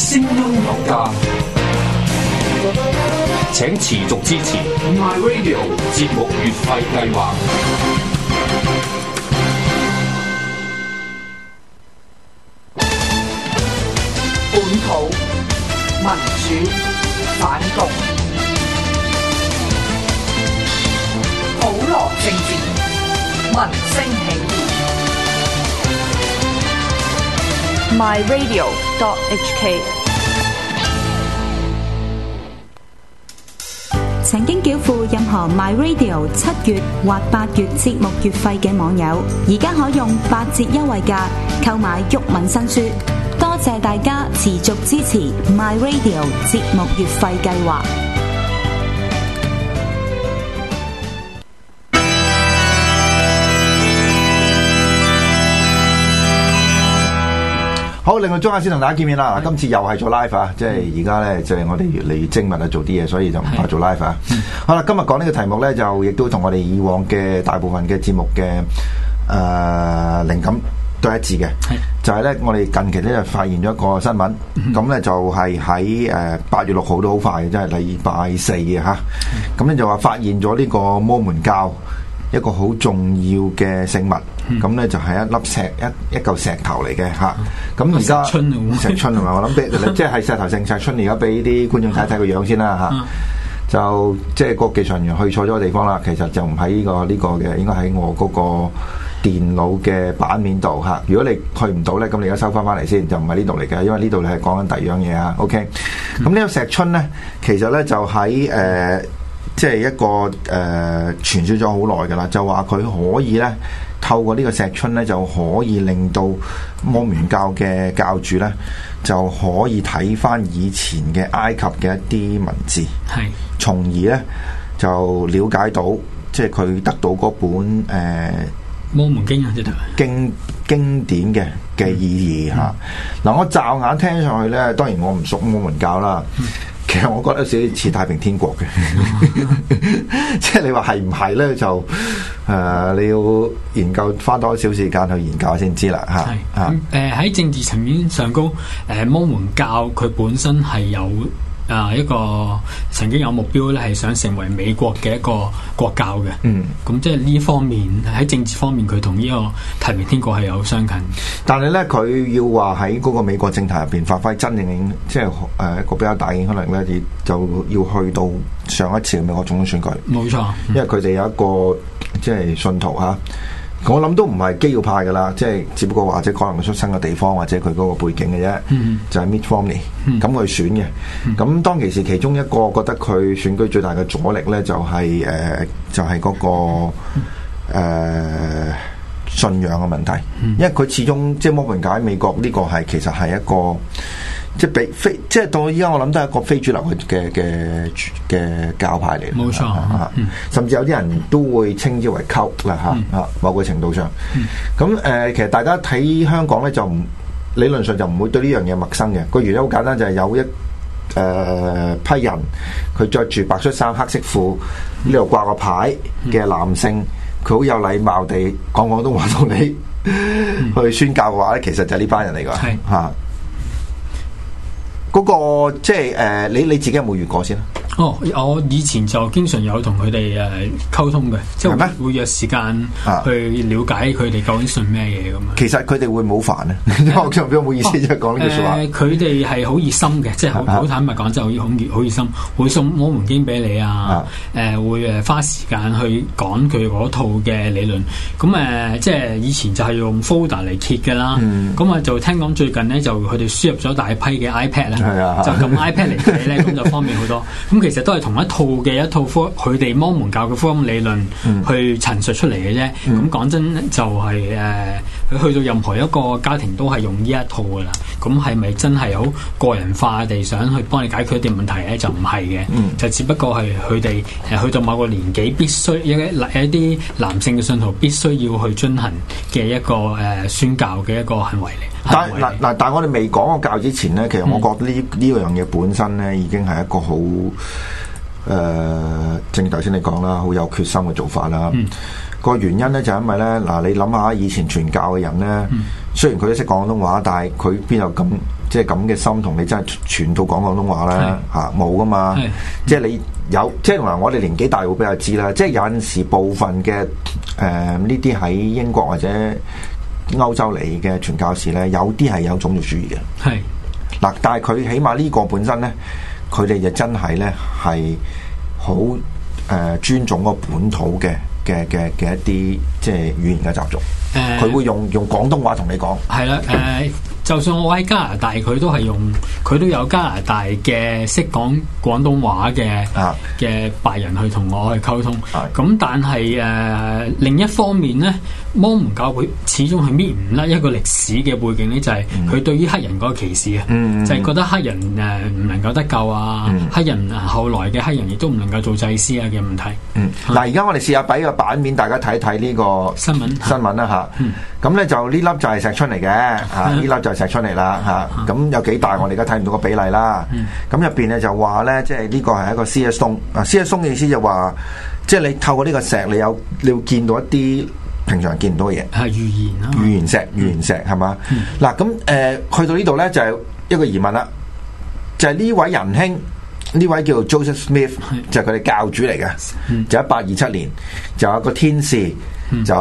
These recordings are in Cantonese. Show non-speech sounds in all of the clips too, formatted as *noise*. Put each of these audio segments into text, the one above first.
聲音有價，請持續支持 My Radio 節目月費計劃。本土民主反共，普羅政治民生起。My Radio .hk。曾經繳付任何 My Radio 七月或八月節目月費嘅網友，而家可用八折優惠價購買《毓民新書》。多謝大家持續支持 My Radio 節目月費計劃。好，另外鐘下先同大家見面啦。嗱，今次又係做 live 啊，即係而家咧，就係我哋越嚟越精密啊，做啲嘢，所以就唔怕做 live 啊。好啦，今日講呢個題目咧，就亦都同我哋以往嘅大部分嘅節目嘅誒靈感都一致嘅，就係咧，我哋近期咧就發現咗一個新聞，咁咧就係喺誒八月六號都好快嘅，即係禮拜四嘅嚇。咁咧就話發現咗呢個摩門教一個好重要嘅聖物。咁咧就係一粒石一一嚿石頭嚟嘅嚇。咁而家石春係咪？我諗俾即係石頭成石春。而家俾啲觀眾睇睇個樣先啦嚇。就即係個技術人員去錯咗個地方啦。其實就唔喺呢個呢個嘅，應該喺我嗰個電腦嘅版面度嚇。如果你去唔到咧，咁你而家收翻翻嚟先，就唔係呢度嚟嘅，因為呢度你係講緊第二樣嘢啊。OK，咁呢個石春咧，其實咧就喺誒即係一個誒傳説咗好耐㗎啦，就話佢可以咧。透過呢個石春咧，就可以令到摩門教嘅教主咧，就可以睇翻以前嘅埃及嘅一啲文字，係是，從而咧就了解到，即係佢得到嗰本誒摩、呃、門經啊，即係經、經典嘅嘅意義嚇。嗱、嗯嗯，我驟眼聽上去咧，當然我唔熟摩門教啦。嗯其實我覺得似似太平天國嘅，啊，即係你話係唔係咧？就誒、呃，你要研究翻多少時間去研究先知啦吓，係誒喺政治層面上高，誒、呃、摩門教佢本身係有。啊、呃！一個曾經有目標咧，係想成為美國嘅一個國教嘅。嗯，咁即係呢方面喺政治方面，佢同呢個太平天國係有相近。但係咧，佢要話喺嗰個美國政壇入邊發揮真正嘅，即係誒一個比較大嘅影響力咧，就就要去到上一次美國總統選舉。冇錯，嗯、因為佢哋有一個即係信徒嚇。我諗都唔係基要派噶啦，即係只不過或者可能佢出生嘅地方或者佢嗰個背景嘅啫，mm hmm. 就係 Mitt Romney 咁佢選嘅。咁當其時其中一個覺得佢選舉最大嘅阻力呢、就是呃，就係、是、誒、那個，就係嗰個誒信仰嘅問題，因為佢始終即係摩門教喺美國呢、呢個係其實係一個。即係非即係到依家，我諗都係一個非主流嘅嘅嘅嘅教派嚟。冇錯，啊嗯、甚至有啲人都會稱之為溝啦嚇嚇。啊嗯、某個程度上，咁誒，其實大家睇香港咧就唔理論上就唔會對呢樣嘢陌生嘅。個原因好簡單，就係、是、有一誒、呃、批人佢着住白恤衫、黑色褲呢度掛個牌嘅男性，佢好有禮貌地講廣東話到你去宣教嘅話咧，其實就係呢班人嚟㗎。係嗰個即係誒，你你自己有冇遇過先啊？哦，我以前就經常有同佢哋誒溝通嘅，即係會約時間去了解佢哋究竟信咩嘢咁啊。其實佢哋會冇煩咧，我做唔做冇意思，即係講呢句説話。誒，佢哋係好熱心嘅，即係好坦白講，就好熱好熱心，會送摩門經俾你啊。誒，會誒花時間去講佢嗰套嘅理論。咁誒，即係以前就係用 folder 嚟揭嘅啦。咁啊，就聽講最近咧，就佢哋輸入咗大批嘅 iPad 啊。 *music* *music* 就㩒 iPad 嚟睇咧，咁就方便好多。咁 *laughs* 其實都係同一套嘅一套科，佢哋摩門教嘅科學理論去陳述出嚟嘅啫。咁講、嗯、真、就係，就係誒。佢去到任何一個家庭都係用呢一套噶啦，咁係咪真係好個人化地想去幫你解決一啲問題咧？就唔係嘅，嗯、就只不過係佢哋誒去到某個年紀必須一啲男性嘅信徒必須要去進行嘅一個誒、呃、宣教嘅一個行為嚟。但嗱嗱，為但係來來我哋未講個教之前咧，其實我覺得呢呢、嗯、樣嘢本身咧已經係一個好誒，正如頭先你講啦，好有決心嘅做法啦。嗯個原因咧就係因為咧，嗱你諗下以前傳教嘅人咧，嗯、雖然佢都識廣東話，但係佢邊有咁即係咁嘅心同你真係全套講廣東話咧？嚇冇噶嘛，是即係你有即係同埋我哋年紀大會比較知啦，即係有陣時部分嘅誒呢啲喺英國或者歐洲嚟嘅傳教士咧，有啲係有種族主義嘅。係嗱是，但係佢起碼呢個本身咧，佢哋就真係咧係好誒尊重個本土嘅。嘅嘅嘅一啲即係語言嘅習俗，誒、呃，佢會用用廣東話同你講，係啦，誒、呃，就算我喺加拿大，佢都係用，佢都有加拿大嘅識講廣東話嘅啊嘅白人去同我去溝通，係咁，但係誒、呃，另一方面咧。摩門教會，始終係搣唔甩一個歷史嘅背景呢就係、是、佢對於黑人嗰個歧視啊，嗯、就係覺得黑人誒唔能夠得救啊，嗯、黑人後來嘅黑人亦都唔能夠做祭司啊嘅問題。嗯，嗱的，而家我哋試下俾個版面大家睇睇呢個新聞新聞啦吓，嗯的，咁咧、啊、就呢粒就係石春嚟嘅嚇，呢粒的、啊、就係石春嚟啦嚇。咁、啊、有幾大？我哋而家睇唔到個比例啦。咁入邊咧就話咧，即係呢個係一個 seer stone 啊。seer stone 嘅意思就話，即、就、係、是、你透過呢個石，你有你要見到一啲，平常見唔到嘅嘢，係預言啦，預言石、預言、嗯、石係嘛。嗱咁誒，去到呢度咧就係、是、一個疑問啦，就係、是、呢位仁兄，呢位叫做 Joseph Smith，、嗯、就係佢哋教主嚟嘅，嗯、就一八二七年，就有個天使、嗯、就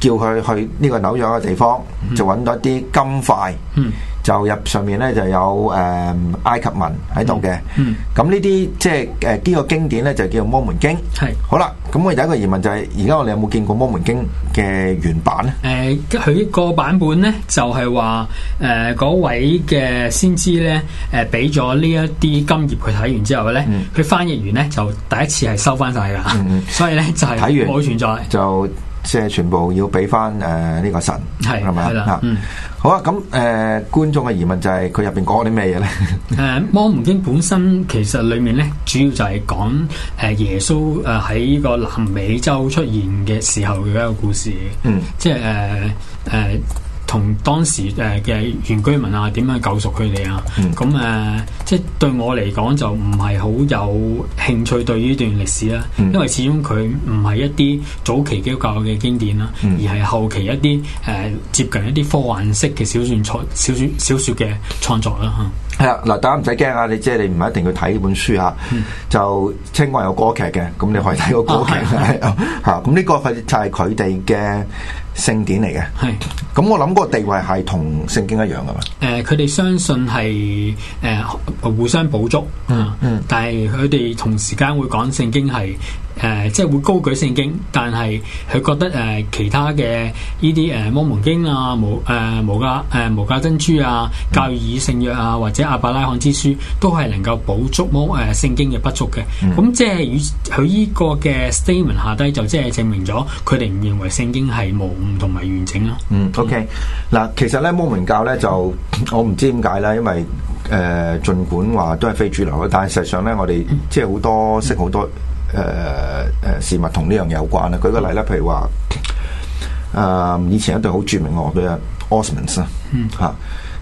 叫佢去呢個紐約嘅地方，嗯、就揾到一啲金塊。嗯嗯就入上面咧就有誒、嗯、埃及文喺度嘅，咁呢啲即係誒呢個經典咧就叫做《摩門經》是。係，好啦，咁我有一個疑問就係、是，而家我哋有冇見過《摩門經》嘅原版咧？誒、呃，佢個版本咧就係話誒嗰位嘅先知咧誒俾咗呢一啲、呃、金頁佢睇完之後咧，佢、嗯、翻譯完咧就第一次係收翻曬㗎，嗯、所以咧就係睇完冇存在就。即係全部要俾翻誒呢個神係係咪啊？嗯，好啊。咁、呃、誒觀眾嘅疑問就係佢入邊講啲咩嘢咧？誒、 *laughs* 啊《摩門經》本身其實裡面咧主要就係講誒耶穌誒喺呢個南美洲出現嘅時候嘅一個故事。嗯即，即係誒誒。啊同當時誒嘅原居民啊，點樣救贖佢哋啊？咁誒、呃，即係對我嚟講就唔係好有興趣對於呢段歷史啦、啊。因為始終佢唔係一啲早期基督教嘅經典啦、啊，而係後期一啲誒、呃、接近一啲科幻式嘅小說創小說小說嘅創作啦、啊。係啦、嗯，嗱、嗯、大家唔使驚啊！你即係你唔係一定要睇呢本書啊，就聽過有歌劇嘅，咁你可以睇個歌劇嚇、啊。咁呢個係就係佢哋嘅。 *laughs* 啊嗯聖典嚟嘅，係咁是、嗯、我諗嗰個地位係同聖經一樣噶嘛？誒、呃，佢哋相信係誒、呃、互相補足，嗯嗯，但係佢哋同時間會講聖經係誒，即、呃、係、就是、會高舉聖經，但係佢覺得誒、呃、其他嘅呢啲誒摩門經啊、啊無誒無價誒無價珍珠啊、教義聖約啊或者阿伯拉罕之書，都係能夠補足摩誒聖經嘅不足嘅。咁即係與佢呢個嘅 statement 下低，就即係證明咗佢哋唔認為聖經係無。唔同埋完整咯。嗯、mm，OK。嗱，其實咧，摩門教咧，就我唔知點解啦。因為誒，盡、呃、管話都係非主流嘅，但係實際上咧，我哋即係好多識好多誒誒、呃、事物同呢樣有關啦。舉個例咧，譬如話誒、呃，以前一對好著名嘅 o Osmonds，嗯，吓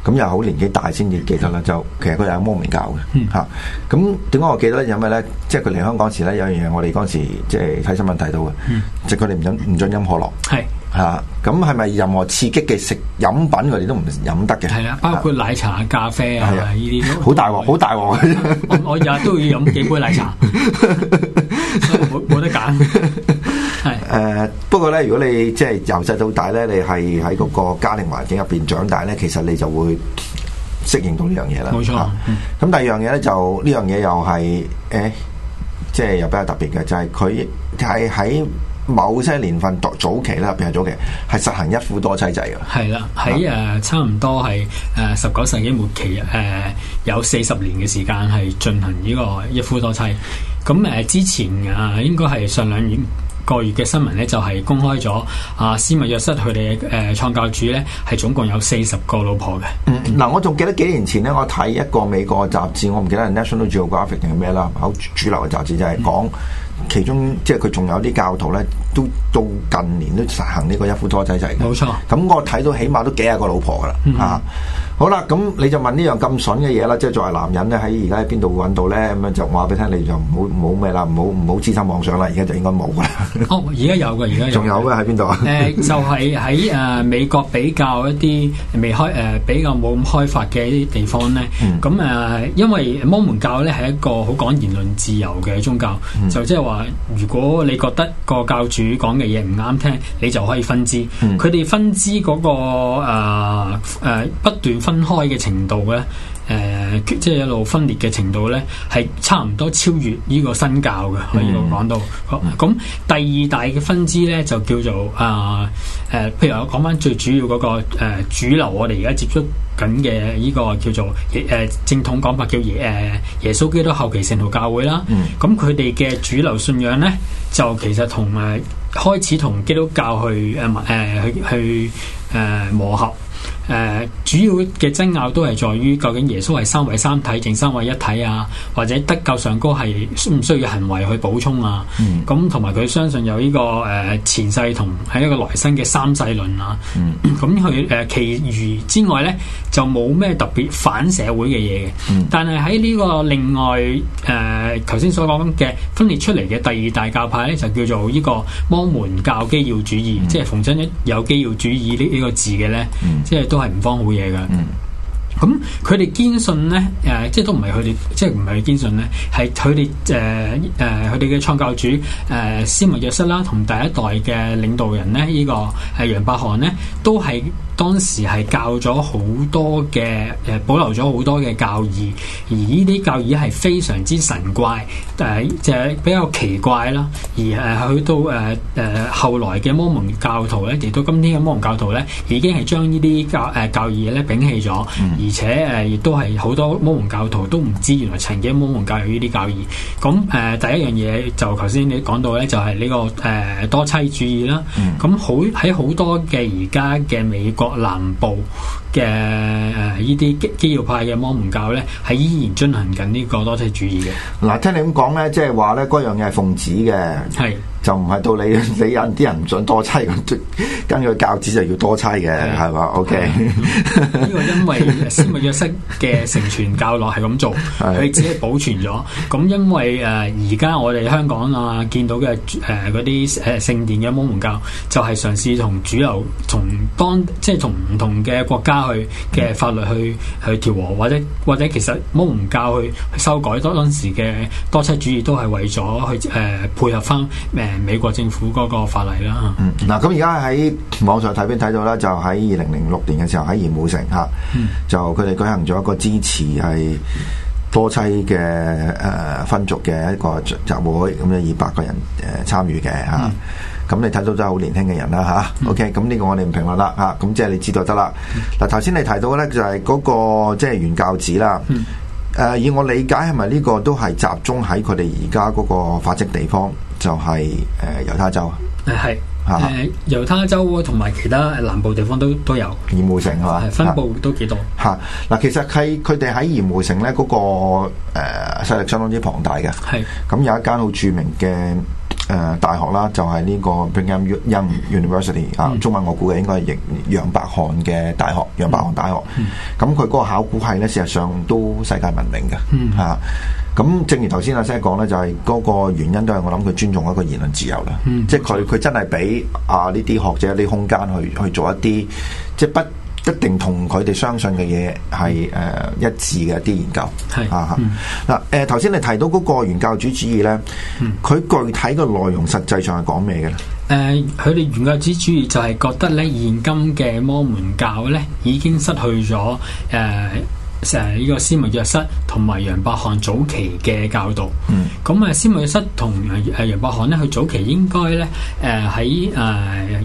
咁、mm. 啊、又好年紀大先至記得啦。就其實佢係摩門教嘅，吓咁點解我記得咧？因為咧，即係佢嚟香港時咧，有樣嘢我哋嗰時即係睇新聞睇到嘅，即係佢哋唔飲唔准飲可樂，係。吓，咁係咪任何刺激嘅食飲品佢哋都唔飲得嘅？係啊，包括奶茶、咖啡啊呢啲。好、啊、的大鑊，好、啊、大鑊 *laughs* ！我日都要飲幾杯奶茶，冇 *laughs* 得揀。係誒、啊，不過咧，如果你即係由細到大咧，你係喺嗰個家庭環境入邊長大咧，其實你就會適應到呢樣嘢啦。冇錯。咁第二樣嘢咧，就呢樣嘢又係誒，即係又比較特別嘅，就係佢係喺。某些年份早早期啦，譬如早期，係實行一夫多妻制嘅。係啦，喺誒、呃、差唔多係誒十九世紀末期誒、呃，有四十年嘅時間係進行呢個一夫多妻。咁誒、呃、之前啊、就是、啊，應該係上兩個月嘅新聞咧，就係公開咗啊，斯密約瑟佢哋誒創教主咧，係總共有四十個老婆嘅。嗱、嗯，嗯、我仲記得幾年前咧，我睇一個美國嘅雜誌，我唔記得 National Geographic 定係咩啦，好主流嘅雜誌就係、是、講。嗯其中即係佢仲有啲教徒咧，都到近年都實行呢個一夫多妻制嘅。冇錯，咁我睇到起碼都幾廿個老婆噶啦。啊，好啦，咁你就問呢樣咁筍嘅嘢啦，即係作為男人咧，喺而家喺邊度揾到咧？咁樣就話俾你聽，你就唔好冇咩啦，唔好唔好癡心妄想啦。而家就應該冇啦。哦，而家有嘅，而家仲有嘅喺邊度啊？誒，就係喺誒美國比較一啲未開誒比較冇咁開發嘅啲地方咧。咁誒，因為摩門教咧係一個好講言論自由嘅宗教，就即係話。如果你覺得個教主講嘅嘢唔啱聽，你就可以分支。佢哋、嗯、分支嗰個，誒、啊啊、不斷分開嘅程度咧。誒、呃，即係一路分裂嘅程度咧，係差唔多超越呢個新教嘅，可以講到。咁、嗯、第二大嘅分支咧，就叫做啊，誒、呃，譬如我講翻最主要嗰、那個誒、呃、主流，我哋而家接觸緊嘅呢個叫做誒正統講法叫耶誒耶穌基督後期聖徒教會啦。咁佢哋嘅主流信仰咧，就其實同誒、呃、開始同基督教去誒誒、呃呃、去去誒、呃、磨合。誒、呃、主要嘅爭拗都係在於究竟耶穌係三位三體定三位一體啊，或者得救上高係需唔需要行為去補充啊？咁同埋佢相信有呢、這個誒、呃、前世同喺一個來生嘅三世論啊。咁佢誒其餘之外咧就冇咩特別反社會嘅嘢嘅。Mm. 但係喺呢個另外誒頭先所講嘅分裂出嚟嘅第二大教派咧，就叫做呢、這個摩門教基要主義，mm. 即係重新一有基要主義呢呢個字嘅咧，即係。都係唔方好嘢嘅，咁佢哋堅信咧，誒、呃，即係都唔係佢哋，即係唔係堅信咧，係佢哋誒誒，佢哋嘅創教主誒、呃、斯密約瑟啦，同第一代嘅領導人咧，這個、呢個係楊百翰咧，都係。當時係教咗好多嘅，誒、呃、保留咗好多嘅教義，而呢啲教義係非常之神怪，誒就係比較奇怪啦。而誒去、呃、到誒誒、呃、後來嘅摩門教徒咧，亦到今天嘅摩門教徒咧，已經係將呢啲教誒教義咧摒棄咗，而且誒亦、呃、都係好多摩門教徒都唔知原來曾經摩門教有呢啲教義，咁誒、呃、第一樣嘢就頭先你講到咧，就係呢、這個誒、呃、多妻主義啦。咁好，喺好多嘅而家嘅美國。南部嘅、呃、呢啲基基要派嘅摩門教咧，係依然進行緊呢個多妻主義嘅。嗱、啊，聽你咁講咧，即係話咧，嗰樣嘢係奉旨嘅。係。就唔係到你你人啲人唔想多妻咁，跟住教旨就要多妻嘅，係嘛的？OK，呢個因為史密約瑟嘅承傳教落係咁做，佢只係保存咗。咁因為誒而家我哋香港啊見到嘅誒嗰啲誒聖殿嘅摩門教，就係嘗試同主流、從當從同當即係同唔同嘅國家去嘅、嗯、法律去去調和，或者或者其實摩門教去，去修改當時嘅多妻主義都係為咗去誒、呃、配合翻咩？呃呃呃呃呃呃呃美國政府嗰個法例啦，嗯，嗱，咁而家喺網上睇片睇到咧，就喺二零零六年嘅時候喺鹽湖城吓，嗯、就佢哋舉行咗一個支持係多妻嘅誒、呃、分族嘅一個集集會，咁樣二百個人誒參與嘅吓，咁、呃啊嗯、你睇到都係好年輕嘅人啦吓、啊嗯、，OK，咁呢個我哋唔評論啦吓，咁即係你知道得啦。嗱、啊，頭先你提到咧就係嗰、那個即係、就是、原教旨啦，誒、啊，以我理解係咪呢個都係集中喺佢哋而家嗰個發跡地方？就係誒猶他州啊，係誒猶他州同埋其他誒南部地方都都有，鹽湖城係嘛？係 *laughs* 分布都幾多？嚇！嗱，其實係佢哋喺鹽湖城咧，嗰個誒勢力相當之龐大嘅。係咁 *laughs* 有一間好著名嘅。誒、呃、大學啦，就係、是、呢個 Brigham University、嗯、啊，中文我估嘅應該係楊百翰嘅大學，楊百翰大學。咁佢嗰個考古系咧，事實上都世界聞名嘅嚇。咁、嗯啊、正如頭先阿 Sir 講咧，就係嗰個原因都係我諗佢尊重一個言論自由啦。嗯、即係佢佢真係俾啊呢啲學者啲空間去去做一啲即不。一定同佢哋相信嘅嘢係誒一致嘅啲研究，係是啊嚇。嗱，誒，頭先你提到嗰個原教主主義咧，佢、嗯、具體嘅內容實際上係講咩嘅咧？誒、呃，佢哋原教主主義就係覺得咧，現今嘅摩門教咧已經失去咗誒。呃成呢個斯密約瑟同埋楊伯翰早期嘅教導，咁啊、嗯、斯密約瑟同誒楊伯翰咧，佢早期應該咧誒喺誒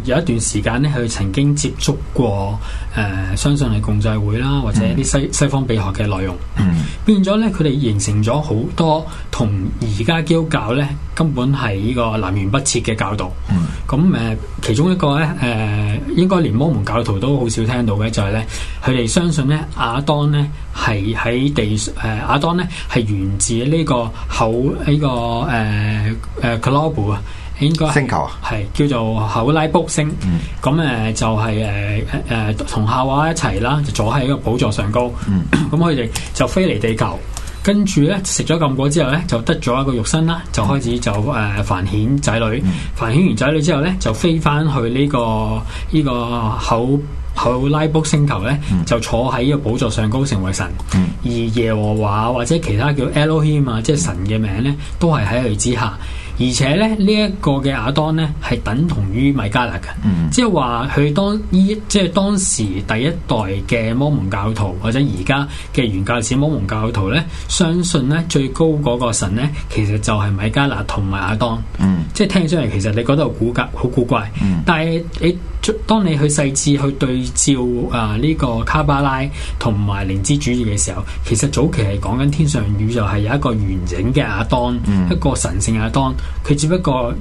有一段時間咧，佢曾經接觸過誒、呃，相信係共濟會啦，或者啲西、嗯、西方秘學嘅內容，嗯、變咗咧佢哋形成咗好多同而家基督教咧根本係呢個南轅北轍嘅教導。嗯咁誒，其中一個咧，誒、呃、應該連摩門教徒都好少聽到嘅，就係、是、咧，佢哋相信咧，亞當咧係喺地上、呃，亞當咧係源自呢、這個口呢、這個誒誒克羅布啊，應該星球啊，係叫做口拉卜星。嗯，咁誒就係誒誒同夏娃一齊啦，就坐喺呢個寶座上高。嗯，咁佢哋就飛嚟地球。跟住咧食咗禁果之後咧，就得咗一個肉身啦，就開始就誒、呃、繁衍仔女，嗯、繁衍完仔女之後咧，就飛翻去呢、這個呢、這個好好拉卜星球咧，嗯、就坐喺呢個寶座上高成為神，嗯、而耶和華或者其他叫 Elohim 啊，嗯、即係神嘅名咧，都係喺佢之下。而且咧，這個、呢一個嘅亞當咧，係等同於米迦勒嘅、嗯，即係話佢當依即係當時第一代嘅摩門教徒，或者而家嘅原教旨摩門教徒咧，相信咧最高嗰個神咧，其實就係米迦勒同埋亞當，嗯、即係聽起上嚟其實你覺得好古怪好古怪，古怪嗯、但係你。當你去細緻去對照啊呢、呃這個卡巴拉同埋靈知主義嘅時候，其實早期係講緊天上宇宙係有一個完整嘅亞當，一個神聖亞當，佢只不過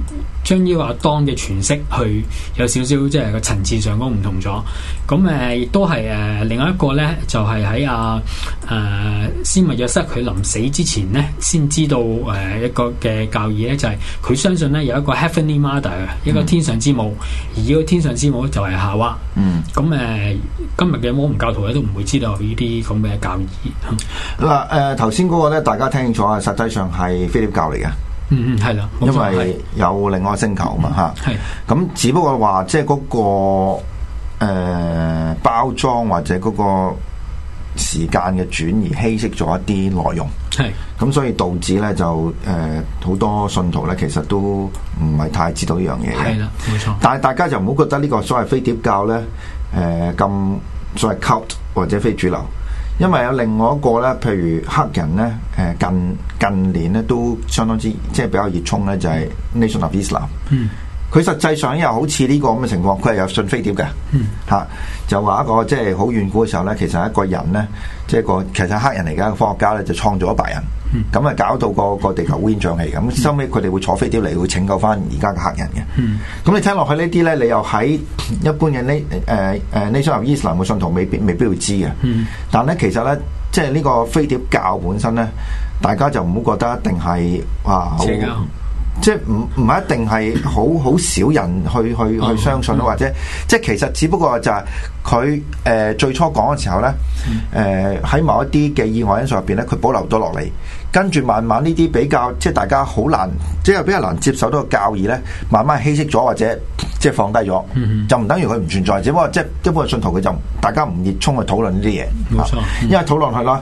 將呢個亞當嘅詮釋去有少少即係個層次上都唔同咗。咁誒亦都係誒另外一個咧，就係喺阿誒斯密約瑟佢臨死之前咧，先知道誒一個嘅教義咧，就係佢相信咧有一個 Heavenly Mother，、mm. 一個天上之母，而呢個天上之。我就係夏娃，嗯，咁誒，今日嘅摩門教徒咧都唔會知道呢啲咁嘅教義。嗱，誒，頭先嗰個咧，大家聽清楚啊，實際上係飛碟教嚟嘅，嗯嗯，係啦，因為有另外一個星球嘛，吓，係，咁只不過話即係嗰個誒、呃、包裝或者嗰個時間嘅轉移稀釋咗一啲內容。係，咁、嗯、所以導致咧就誒好、呃、多信徒咧，其實都唔係太知道呢樣嘢嘅。係啦，冇錯。但係大家就唔好覺得呢個所謂非碟教咧，誒、呃、咁所謂 cult 或者非主流，因為有另外一個咧，譬如黑人咧，誒、呃、近近年咧都相當之即係比較熱衷咧，就係、是、Nation of Islam、嗯。佢實際上又好似呢個咁嘅情況，佢係有信飛碟嘅，嚇、嗯啊、就話一個即係好遠古嘅時候咧，其實一個人咧，即、就、係、是、個其實黑人嚟嘅科學家咧，就創造咗白人，咁啊、嗯、搞到個個地球烏煙瘴氣咁，收尾佢哋會坐飛碟嚟，會拯救翻而家嘅黑人嘅。咁、嗯啊、你聽落去呢啲咧，你又喺一般嘅呢誒誒 Nation of Islam 嘅信徒未必未必會知嘅。嗯、但咧其實咧，即係呢個飛碟教本身咧，大家就唔好覺得一定係啊即係唔唔係一定係好好少人去去去相信咯，或者即係其實只不過就係佢誒最初講嘅時候咧，誒、呃、喺某一啲嘅意外因素入邊咧，佢保留咗落嚟，跟住慢慢呢啲比較即係大家好難即係比較難接受到嘅教義咧，慢慢稀釋咗或者即係放低咗，就唔等於佢唔存在，只不過即係一般嘅信徒佢就大家唔熱衷去討論呢啲嘢，冇錯，嗯、因為討論係咯。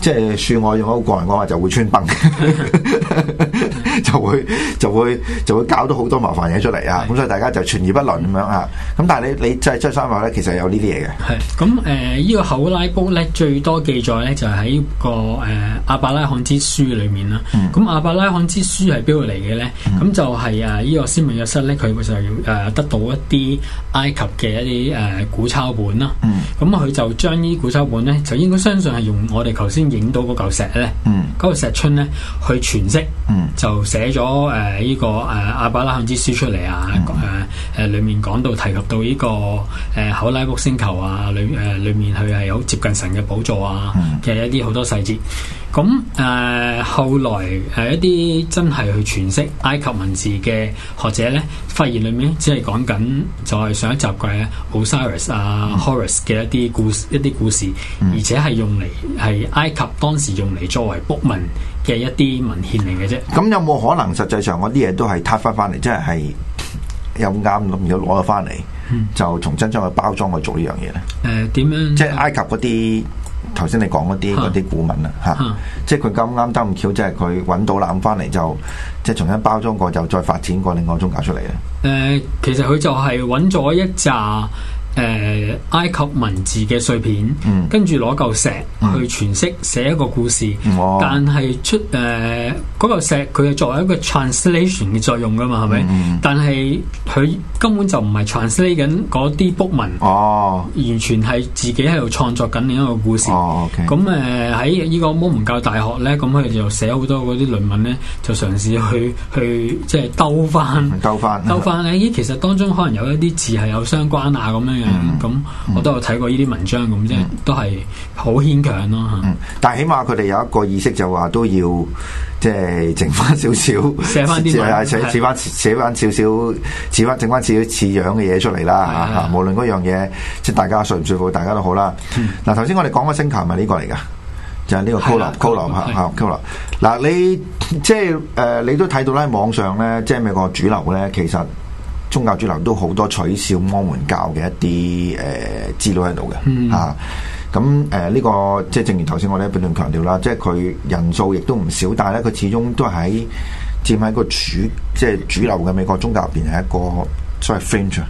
即係恕我用一個個人講話，就會穿崩 *laughs* *laughs* 就會，就會就會就會搞到好多麻煩嘢出嚟啊！咁的所以大家就存而不論咁樣啊！咁、嗯、但係你你即係即係三話咧，其實有呢啲嘢嘅。係咁誒，依、呃這個《口拉煲》咧，最多記載咧就係、是、喺、這個誒、呃《阿伯拉罕之書裡》裏面啦。咁《阿伯拉罕之書》係邊度嚟嘅咧？咁就係啊！依、這個先明約瑟咧，佢就誒得到一啲埃及嘅一啲誒古抄本啦。咁佢、嗯嗯、就將呢古抄本咧，就應該相信係用我哋頭先。影到嗰嚿石咧，嗰個、嗯、石春咧去詮釋，嗯、就寫咗誒呢個誒、啊、阿伯拉罕之書出嚟啊，誒誒、嗯呃、裏面講到提及到呢、這個誒口拉卜星球啊，裏誒、呃、裏面佢係有接近神嘅寶座啊，嘅、嗯、一啲好多細節。咁誒、嗯，後來誒一啲真係去詮釋埃及文字嘅學者咧，發現裏面只係講緊就係上一集嘅、嗯《咧，Osiris 啊，Horus 嘅一啲故事，一啲故事，而且係用嚟係埃及當時用嚟作為卜文嘅一啲文獻嚟嘅啫。咁、嗯、有冇可能實際上嗰啲嘢都係塌翻翻嚟，即係係有啱咁樣攞咗翻嚟，就重新將佢包裝去做呢、嗯呃、樣嘢咧？誒點樣？即係埃及嗰啲。頭先你講嗰啲嗰啲古文啦嚇，啊啊、即係佢咁啱得咁巧，即係佢揾到啦，咁翻嚟就即係重新包裝過，就再發展過另外一種搞出嚟嘅。誒、呃，其實佢就係揾咗一紮。.誒、呃、埃及文字嘅碎片，跟住攞嚿石去詮釋寫一個故事，嗯哦、但係出誒嗰、呃、石佢係作為一個 translation 嘅作用㗎嘛，係咪、嗯？但係佢根本就唔係 translate 緊啲 book 文，哦，完全係自己喺度創作緊另一個故事。咁誒喺呢個摩門教大學咧，咁、嗯、佢就寫好多啲論文咧，就嘗試去去，去即係兜翻，兜翻，兜翻咧咦？其實當中可能有一啲字係有相關啊咁樣樣。咁我都有睇過呢啲文章，咁啫，都係好牽強咯吓。但係起碼佢哋有一個意識就話都要即係剩翻少少寫翻啲嘢，寫似翻寫翻少少似翻整翻似似樣嘅嘢出嚟啦吓。無論嗰樣嘢即係大家順唔順服，大家都好啦。嗱，頭先我哋講嘅星球係咪呢個嚟噶？就係呢個 Kolob Kolob 吓吓 Kolob 嗱，你即係誒，你都睇到咧網上咧，即係美國主流咧，其實。宗教主流都好多取笑摩門教嘅一啲誒、呃、資料喺度嘅，嗯、啊，咁誒呢個即係正如頭先我哋咧不斷強調啦，即係佢人數亦都唔少，但係咧佢始終都喺佔喺個主即係主流嘅美國宗教入邊係一個所謂 fringe。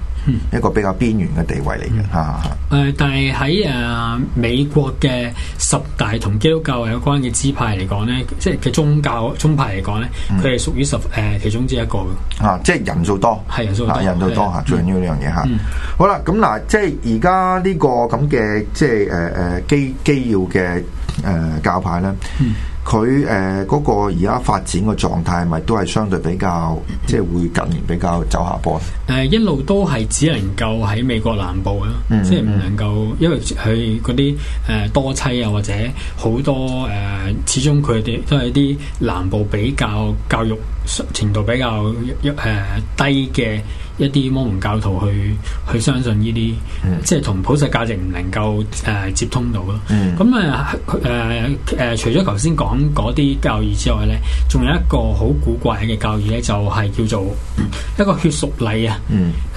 一個比較邊緣嘅地位嚟嘅吓，誒、嗯，啊、但係喺誒美國嘅十大同基督教有關嘅支派嚟講咧，嗯、即係嘅宗教宗派嚟講咧，佢係屬於十誒其中之一個嘅，啊，即係人數多，係人數多，啊、人數多吓，最緊要呢樣嘢吓。好啦，咁嗱，即係而家呢個咁嘅即係誒誒基基要嘅誒教派咧。呃佢誒嗰個而家發展嘅狀態，咪都係相對比較，即係會近年比較走下坡。誒、呃、一路都係只能夠喺美國南部啦，即係唔能夠，因為佢嗰啲誒多妻啊，或者好多誒、呃，始終佢哋都係啲南部比較教育程度比較一低嘅。呃呃低一啲摩門教徒去去相信呢啲，mm. 即係同普世價值唔能夠誒、呃、接通到咯。咁啊誒誒，除咗頭先講嗰啲教義之外咧，仲有一個好古怪嘅教義咧，就係、是、叫做一個血屬禮啊。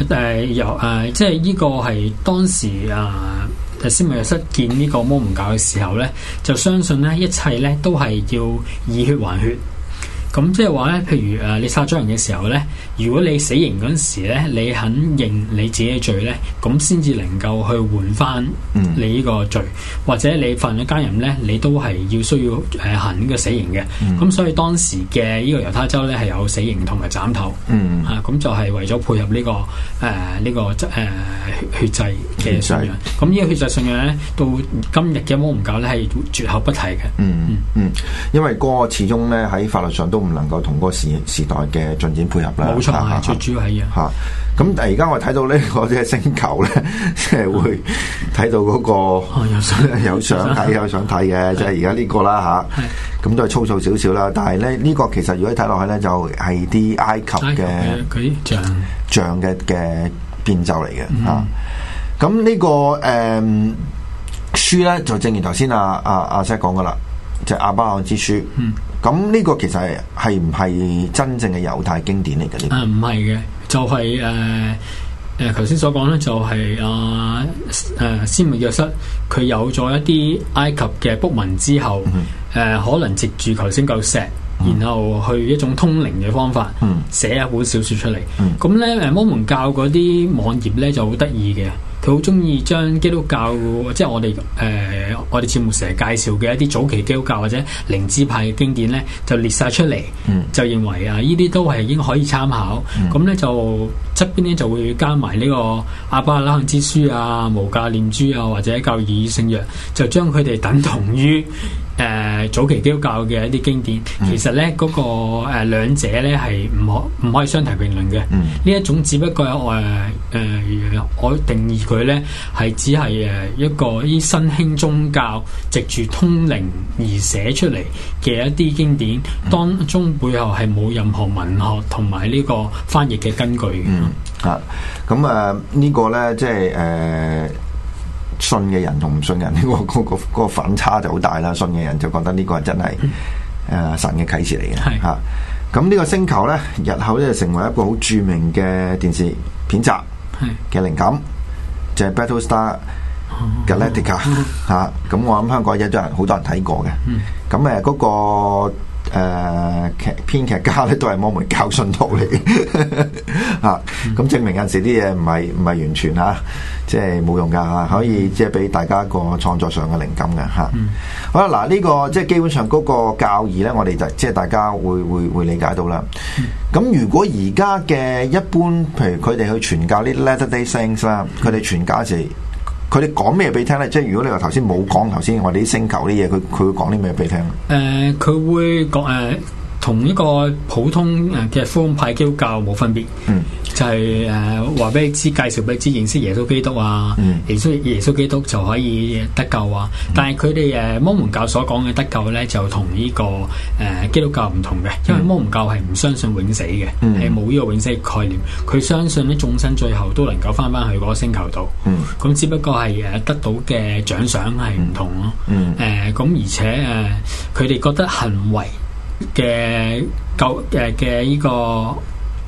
誒由誒，即係呢個係當時啊斯密約瑟見呢個摩門教嘅時候咧，就相信咧一切咧都係要以血還血。咁即係話咧，譬如，誒，你殺咗人嘅時候咧，如果你死刑嗰陣時咧，你肯認你自己嘅罪咧，咁先至能夠去換翻你呢個罪，或者你犯咗奸淫咧，你都係要需要誒行呢個死刑嘅。咁所以當時嘅呢個猶他州咧，係有死刑同埋斬頭。嗯，吓咁就係為咗配合呢個誒呢個誒血血祭嘅信仰。咁呢個血祭信仰咧，到今日嘅摩門教咧係絕口不提嘅。嗯嗯嗯，因為個始終咧喺法律上都。唔能夠同個時時代嘅進展配合啦，冇錯係最主要嘅。吓咁，但係而家我睇到呢個即係星球咧，即係會睇到嗰個有有想睇有想睇嘅，即係而家呢個啦吓。咁都係粗粗少少啦，但係咧呢個其實如果睇落去咧，就係啲埃及嘅象像嘅嘅變奏嚟嘅吓。咁呢個誒書咧，就正如頭先阿阿阿 Sa 講噶啦，就《阿巴汗之書》。咁呢個其實係唔係真正嘅猶太經典嚟嘅？呢，啊，唔係嘅，就係誒誒頭先所講咧，就是，就係啊誒先、啊、密約瑟。佢有咗一啲埃及嘅卜文之後，誒、嗯呃、可能藉住頭先嚿石，然後去一種通靈嘅方法，嗯、寫一本小説出嚟。咁咧誒摩門教嗰啲網頁咧就好得意嘅。佢好中意將基督教，即係我哋誒、呃、我哋節目成日介紹嘅一啲早期基督教或者靈知派嘅經典咧，就列晒出嚟，嗯、就認為啊，依啲都係應該可以參考。咁咧、嗯、就側邊咧就會加埋呢個《阿巴拉罕之書》啊，《無價念珠》啊，或者《教義聖約》，就將佢哋等同於。 *laughs* 誒、呃、早期基督教嘅一啲經典，其實咧嗰、那個誒、呃、兩者咧係唔可唔可以相提並論嘅。呢、嗯、一種只不過我誒、呃呃、我定義佢咧係只係誒一個啲新興宗教藉住通靈而寫出嚟嘅一啲經典，當中背後係冇任何文學同埋呢個翻譯嘅根據嘅嗯啊，咁誒、呃這個、呢個咧即係誒。呃信嘅人同唔信嘅人呢、這個嗰、這個嗰、這個、反差就好大啦！信嘅人就覺得呢個係真係誒、嗯呃、神嘅啟示嚟嘅嚇。咁呢是、啊這個星球咧，日後咧就成為一個好著名嘅電視片集嘅靈感，是就係 Battlestar Galactica 嚇。咁我諗香港一啲人好多人睇過嘅。咁誒嗰個。誒、呃、劇編劇家咧都係摩門教信徒嚟、 *laughs* 啊 mm. 啊，啊！咁證明有時啲嘢唔係唔係完全啊，即係冇用㗎嚇，可以即係俾大家一個創作上嘅靈感嘅嚇。啊 mm. 好啦，嗱、啊、呢、這個即係基本上嗰個教義咧，我哋就即係大家會會會理解到啦。咁、mm. 啊、如果而家嘅一般，譬如佢哋去傳教啲 Latter Day Saints 啦、啊，佢哋傳教時。佢哋講咩俾你聽咧？即係如果你話頭先冇講，頭先我哋啲星球啲嘢，佢佢會講啲咩俾你聽咧？誒，佢會講誒，同一個普通嘅福音派基督教冇分別。嗯。就係誒話俾你知，介紹俾你知認識耶穌基督啊！耶穌耶穌基督就可以得救啊！但係佢哋誒摩門教所講嘅得救咧，就同呢個誒基督教唔同嘅，因為摩門教係唔相信永死嘅，係冇呢個永死嘅概念。佢相信咧，眾生最後都能夠翻翻去嗰個星球度。咁只不過係誒得到嘅獎賞係唔同咯。誒咁而且誒，佢哋覺得行為嘅救誒嘅呢個。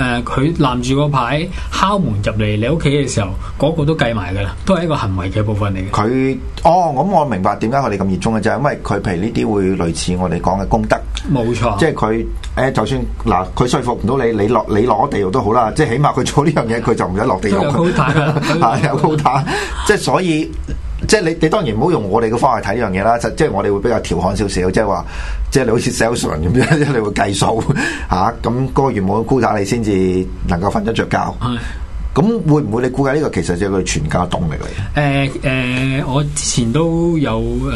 誒佢攬住個牌敲門入嚟你屋企嘅時候，嗰、那個都計埋㗎啦，都係一個行為嘅部分嚟嘅。佢哦，咁我明白點解我哋咁熱衷嘅，就係因為佢譬如呢啲會類似我哋講嘅功德，冇錯。即係佢誒，就算嗱，佢説服唔到你，你落你落地獄都好啦。即係起碼佢做呢樣嘢，佢就唔使落地獄。好有高打，有高打， *laughs* 即係所以。即係你，你當然唔好用我哋嘅方法睇呢樣嘢啦。即係我哋會比較調侃少少，即係話，即係你好似 salesman 咁樣，即係你會計數嚇。咁、啊、嗰個月冇 quota 你，先至能夠瞓得着覺。咁、啊、會唔會你估計呢、呢個其實就係佢傳教動力嚟？誒誒、呃呃，我之前都有誒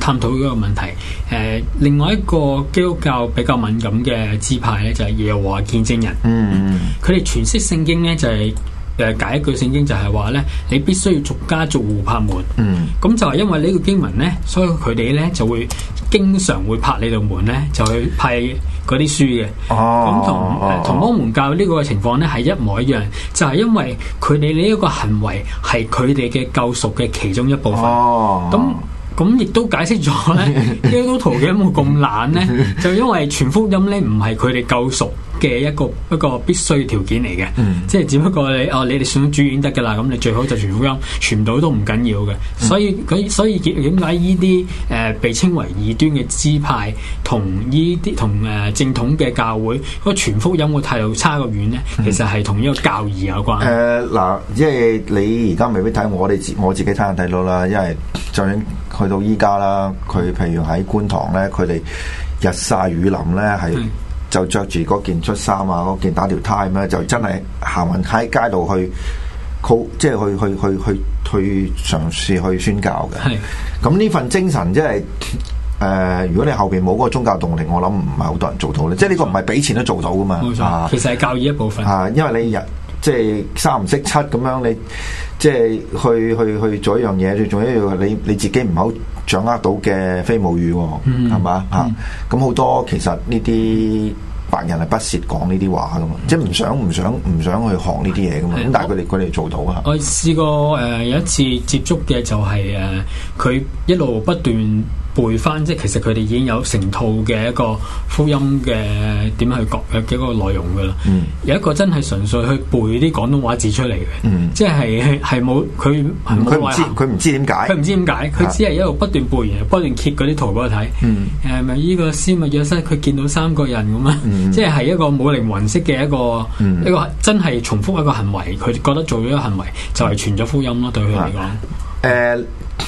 探討呢個問題、呃。另外一個基督教比較敏感嘅支派咧、就是，就係耶和華見證人。嗯，佢哋詮釋聖經咧就係、是。就係解一句聖經，就係話咧，你必須要逐家逐戶拍門。嗯，咁就係因為呢個經文咧，所以佢哋咧就會經常會拍你度門咧，就去派嗰啲書嘅。哦，咁、嗯呃、同同摩門教呢個情況咧係一模一樣，就係、是、因為佢哋呢一個行為係佢哋嘅救贖嘅其中一部分。哦，咁咁亦都解釋咗咧，基督徒嘅有冇咁懶咧，就因為全福音咧唔係佢哋救贖嘅一個一個必須條件嚟嘅，嗯、即係只不過你哦，你哋想主院得噶啦，咁你最好就全福音，傳到都唔緊要嘅。所以咁、嗯、所以點解依啲誒被稱為異端嘅支派同依啲同誒正統嘅教會嗰個傳福音嘅態度差咁遠咧？嗯、其實係同呢個教義有關。誒嗱、呃，即係你而家未必睇我哋我自己睇就睇到啦，因為就算去到依家啦，佢譬如喺觀塘咧，佢哋日曬雨淋咧係。就着住嗰件恤衫啊，嗰件打條呔咧，就真係行勻喺街度去，即係去去去去去嘗試去宣教嘅。咁呢是份精神即係誒，如果你後邊冇個宗教動力，我諗唔係好多人做到咧。錯即係呢個唔係俾錢都做到噶嘛。冇錯錯，啊、其實係教義一部分。啊，因為你日即係三唔識七咁樣，你即係去去去做一樣嘢，最重要係你你，你自己唔好。掌握到嘅非母語，係嘛嚇？咁好吧、嗯、多其實呢啲白人係不屑講呢啲話㗎嘛，即係唔想、唔想、唔想去學呢啲嘢㗎嘛。咁、嗯、但係佢哋佢哋做到啊！我，吧我試過誒、呃、有一次接觸嘅就係、是、誒，佢、啊、一路不斷。背翻即係其實佢哋已經有成套嘅一個福音嘅點去講嘅一個內容噶啦，有一個真係純粹去背啲廣東話字出嚟嘅，即係係冇佢佢唔知點解佢唔知點解，佢只係一路不斷背完，不斷揭嗰啲圖俾我睇，誒咪呢個斯密約瑟佢見到三個人咁啊，即係係一個冇靈魂式嘅一個一個真係重複一個行為，佢覺得做咗一個行為就係傳咗福音咯，對佢嚟講誒。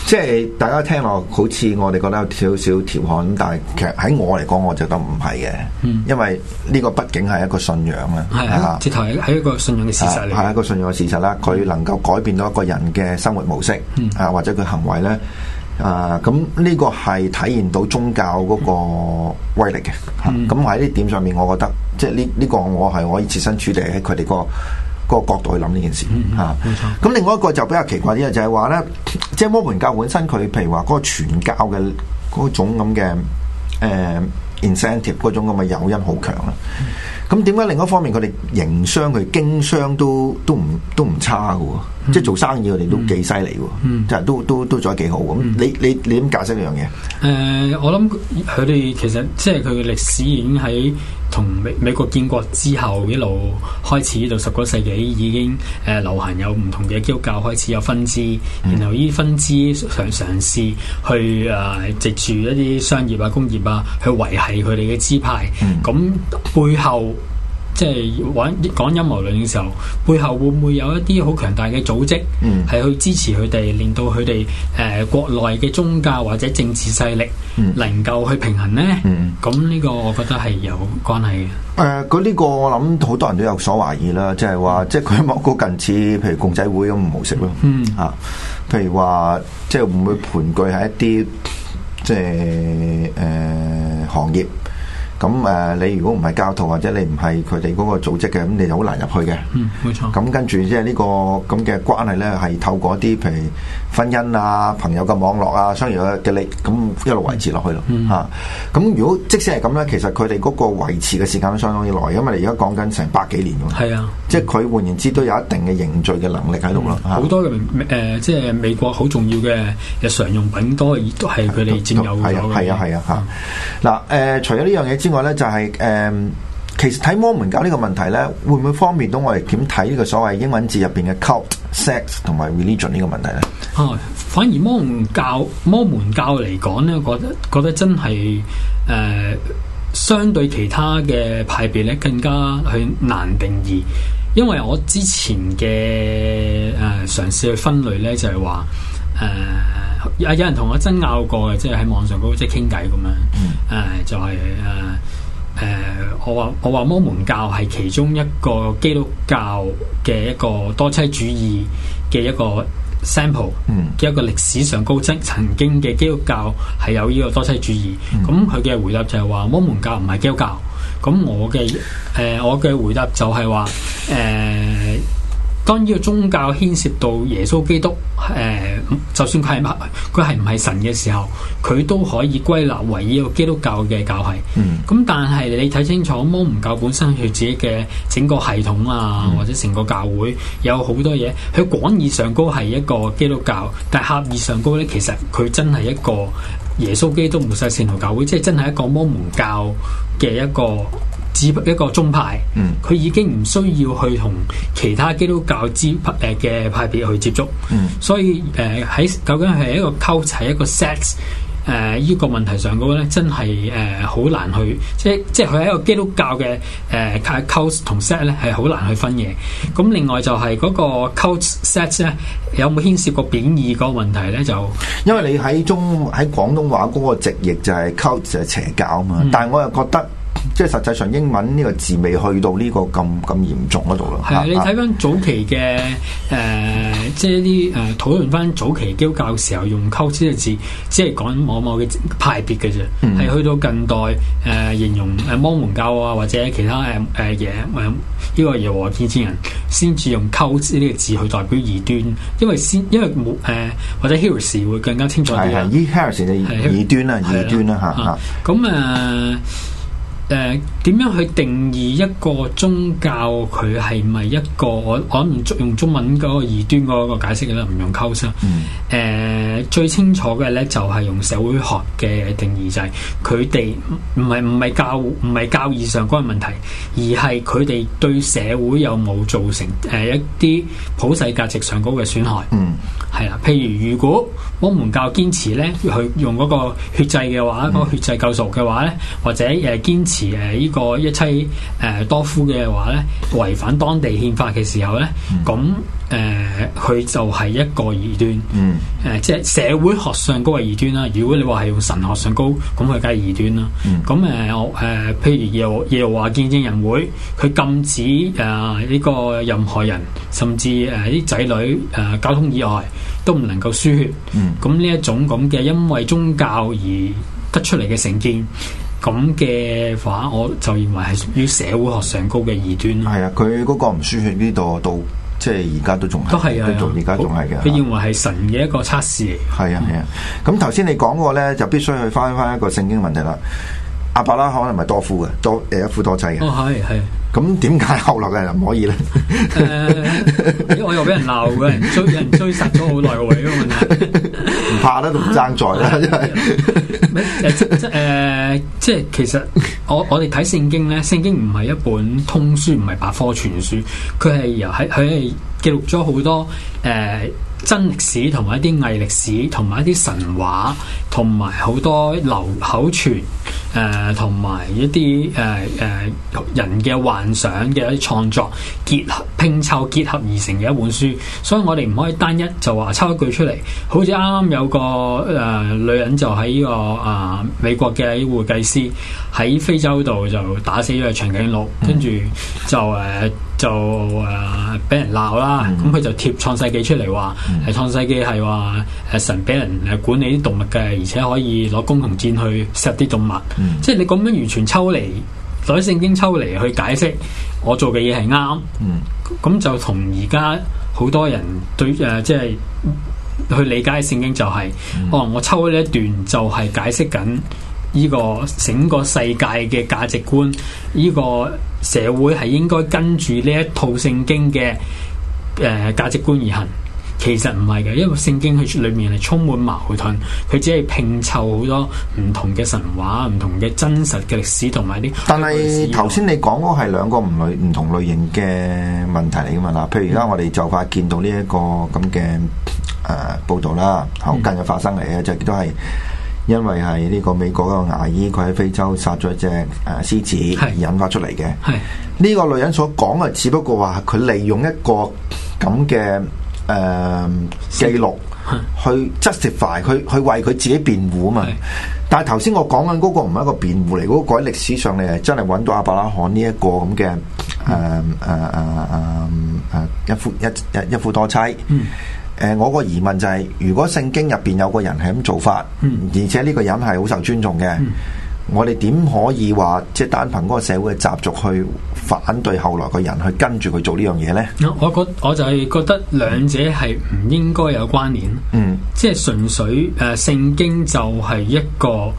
即係大家聽落好似我哋覺得有少少調侃咁，但係其實喺我嚟講，我就覺得唔係嘅，嗯、因為呢個畢竟係一個信仰啊。係啊，直頭係一個信仰嘅事實嚟。係、啊、一個信仰嘅事實啦，佢能夠改變到一個人嘅生活模式，嗯、啊或者佢行為咧，啊咁呢個係體現到宗教嗰個威力嘅。咁喺呢點上面，我覺得即係呢呢個我係可以設身處地喺佢哋個。個角度去諗呢件事嚇，咁另外一個就比較奇怪啲嘅就係話咧，即係摩門教本身佢譬如話嗰個傳教嘅嗰種咁嘅誒 incentive 嗰種咁嘅誘因好強啦。咁點解另一方面佢哋營商佢經商都都唔都唔差嘅喎、啊？嗯、即係做生意佢哋都幾犀利喎，就係、嗯、都都都做得幾好咁、嗯。你你你點解釋呢樣嘢？誒、呃，我諗佢哋其實即係佢嘅歷史已經喺。同美美國建國之後一路開始到十九世紀，已經誒、呃、流行有唔同嘅基督教開始有分支，然後呢啲分支嘗嘗試去誒藉住一啲商業啊、工業啊，去維繫佢哋嘅支派。咁、嗯、背後。即係玩講陰謀論嘅時候，背後會唔會有一啲好強大嘅組織，係、嗯、去支持佢哋，令到佢哋誒國內嘅宗教或者政治勢力能夠去平衡呢？咁呢、嗯嗯、個我覺得係有關係嘅。誒、呃，佢、這、呢個我諗好多人都有所懷疑啦，即係話即係佢莫過近似，譬如共濟會咁嘅模式咯。嚇、嗯啊，譬如話，即、就、係、是、會唔會盤踞喺一啲即係誒行業？咁誒，你如果唔係教徒或者你唔係佢哋嗰個組織嘅，咁你就好難入去嘅。嗯，冇錯。咁跟住即係呢個咁嘅關係咧，係透過一啲譬如婚姻啊、朋友嘅網絡啊、商業嘅力，咁一路維持落去咯嚇。咁如果即使係咁咧，其實佢哋嗰個維持嘅時間都相當之耐，因為你而家講緊成百幾年喎。係啊，即係佢換言之都有一定嘅凝聚嘅能力喺度咯。好多嘅誒，即係美國好重要嘅日常用品，都都係佢哋佔有嘅。係啊，係啊，係啊嚇。嗱誒，除咗呢樣嘢之另外咧就係、是、誒、嗯，其實睇摩門教呢個問題咧，會唔會方便到我哋點睇呢個所謂英文字入邊嘅 cult、sex 同埋 religion 呢個問題咧？哦，反而摩門教摩門教嚟講咧，我覺得我覺得真係誒、呃，相對其他嘅派別咧，更加去難定義，因為我之前嘅誒、呃、嘗試去分類咧，就係、是、話。誒、呃，有有人同我爭拗過嘅，即係喺網上高，即係傾偈咁樣。誒、呃，就係誒誒，我話我話摩門教係其中一個基督教嘅一個多妻主義嘅一個 sample，嘅、嗯、一個歷史上高曾曾經嘅基督教係有呢個多妻主義。咁佢嘅回答就係話摩門教唔係基督教。咁我嘅誒、呃、我嘅回答就係話誒。呃當呢個宗教牽涉到耶穌基督，誒、呃，就算佢係乜，佢係唔係神嘅時候，佢都可以歸納為呢個基督教嘅教系。咁、嗯、但係你睇清楚，摩門教本身佢自己嘅整個系統啊，嗯、或者成個教會有好多嘢，佢廣義上高係一個基督教，但係狹義上高呢，其實佢真係一個耶穌基督末世聖徒教會，即係真係一個摩門教嘅一個。只一個宗派，佢、嗯、已經唔需要去同其他基督教之誒嘅派別去接觸，嗯、所以誒喺、呃、究竟係一個 cult 係一個 sect 誒、呃、依、這個問題上嗰咧，真係誒好難去，即即係喺一個基督教嘅誒、呃、cult 同 sect 咧係好難去分嘢。咁另外就係嗰個 cult sect 咧有冇牽涉過貶義個問題咧？就因為你喺中喺廣東話嗰個直譯就係 cult 就邪教啊嘛，嗯、但係我又覺得。即係實際上英文呢個字未去到呢個咁咁嚴重嗰度咯。係你睇翻早期嘅誒、呃，即係一啲誒、啊、討論翻早期基督教時候用溝字嘅字，即係講某某嘅派別嘅啫。係、嗯、去到近代誒、呃、形容誒摩門教啊，或者其他誒誒嘢，呢、啊啊這個耶和華見證人先至用溝字呢個字去代表異端，因為先因為冇誒、呃、或者 Harris 會更加清楚啲。Harris 嘅異端啊，異端啦嚇咁誒。誒，點、呃、樣去定義一個宗教？佢係咪一個我我唔用中文嗰個異端嗰個解釋嘅咧？唔用溝通。誒，最清楚嘅咧就係、是、用社會學嘅定義，就係佢哋唔係唔係教唔係教義上嗰個問題，而係佢哋對社會有冇造成誒、呃、一啲普世價值上高嘅損害。嗯，係啦，譬如如果。摩門教堅持咧，去用嗰個血祭嘅話，嗰、那個、血祭救贖嘅話咧，或者誒堅持誒呢個一妻誒多夫嘅話咧，違反當地憲法嘅時候咧，咁、嗯。誒，佢、呃、就係一個異端。誒、嗯呃，即係社會學上高嘅異端啦。如果你話係用神學上高，咁佢梗係異端啦。咁誒、嗯，誒、呃，譬如耶和華見證人會，佢禁止誒呢、呃這個任何人，甚至誒啲仔女誒、呃、交通意外都唔能夠輸血。咁呢一種咁嘅因為宗教而得出嚟嘅成見，咁嘅話，我就認為係屬於社會學上高嘅異端啦。係啊，佢嗰個唔輸血呢度都。即係而家都仲係，都仲而家仲係嘅。佢認為係神嘅一個測試嚟。係啊係啊。咁頭先你講過咧，就必須去翻翻一個聖經問題啦。阿伯啦，可能咪多夫嘅？多誒一夫多妻嘅。哦係係。咁點解後來嘅人唔可以咧？誒、uh, 哎，我又俾人鬧嘅，人追人追殺咗好耐喎，呢個問題。唔怕啦，都唔爭在啦，真係。誒，即係其實我我哋睇聖經咧，聖經唔係一本通書，唔係百科全書，佢係由喺佢係記錄咗好多誒。Uh, 真歷史同埋一啲偽歷史，同埋一啲神話，同埋好多流口傳，誒、呃，同埋一啲誒誒人嘅幻想嘅一啲創作結合拼湊結合而成嘅一本書，所以我哋唔可以單一就話抽一句出嚟。好似啱啱有個誒、呃、女人就喺呢、這個啊、呃、美國嘅喺會計師喺非洲度就打死咗個長頸鹿，跟住就誒。嗯呃就誒俾、呃、人鬧啦，咁佢、嗯、就貼創世記出嚟話，係、嗯、創世記係話誒神俾人誒管理啲動物嘅，而且可以攞弓同箭去殺啲動物。嗯、即係你咁樣完全抽離攞聖經抽離去解釋我做嘅嘢係啱。咁、嗯、就同而家好多人對誒、呃、即係去理解聖經就係、是，哦、嗯，我抽呢一段就係解釋緊呢個整個世界嘅價值觀呢、這個。社會係應該跟住呢一套聖經嘅誒價值觀而行，其實唔係嘅，因為聖經佢裏面係充滿矛盾，佢只係拼湊好多唔同嘅神話、唔同嘅真實嘅是歷史同埋啲。但係頭先你講嗰係兩個唔類唔同類型嘅問題嚟㗎嘛？嗱，譬如而家我哋就快見到呢一個咁嘅誒報道啦，好近日發生嚟嘅就都、是、係。嗯就是因為係呢個美國嘅牙醫，佢喺非洲殺咗一隻誒獅子，而引發出嚟嘅。呢的個女人所講嘅，只不過話佢利用一個咁嘅誒記錄去 justify，佢，去為佢自己辯護啊嘛。的但係頭先我講緊嗰個唔係一個辯護嚟，嗰個喺歷史上嚟真係揾到阿伯拉罕呢、嗯呃呃呃呃、一個咁嘅誒誒誒誒誒一夫一一一夫多妻。嗯誒、呃，我個疑問就係，如果聖經入邊有個人係咁做法，嗯、而且呢個人係好受尊重嘅，嗯、我哋點可以話即係單憑嗰個社會嘅習俗去反對後來嘅人去跟住佢做呢樣嘢呢？我我我就係覺得兩者係唔應該有關聯，嗯，即係純粹誒，呃、聖經就係一個。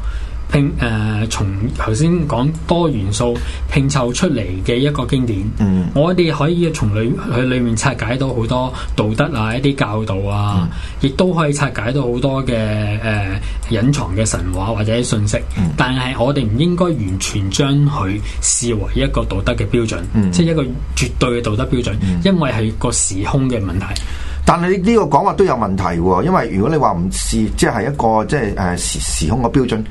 拼誒，從頭先講多元素拼湊出嚟嘅一個經典，嗯、我哋可以從裏佢裡面拆解到好多道德啊，一啲教導啊，嗯、亦都可以拆解到好多嘅誒、呃、隱藏嘅神話或者信息。嗯、但係我哋唔應該完全將佢視為一個道德嘅標準，嗯、即係一個絕對嘅道德標準，嗯、因為係個時空嘅問題。但係呢個講話都有問題，因為如果你話唔係，即、就、係、是、一個即係誒時空嘅標準。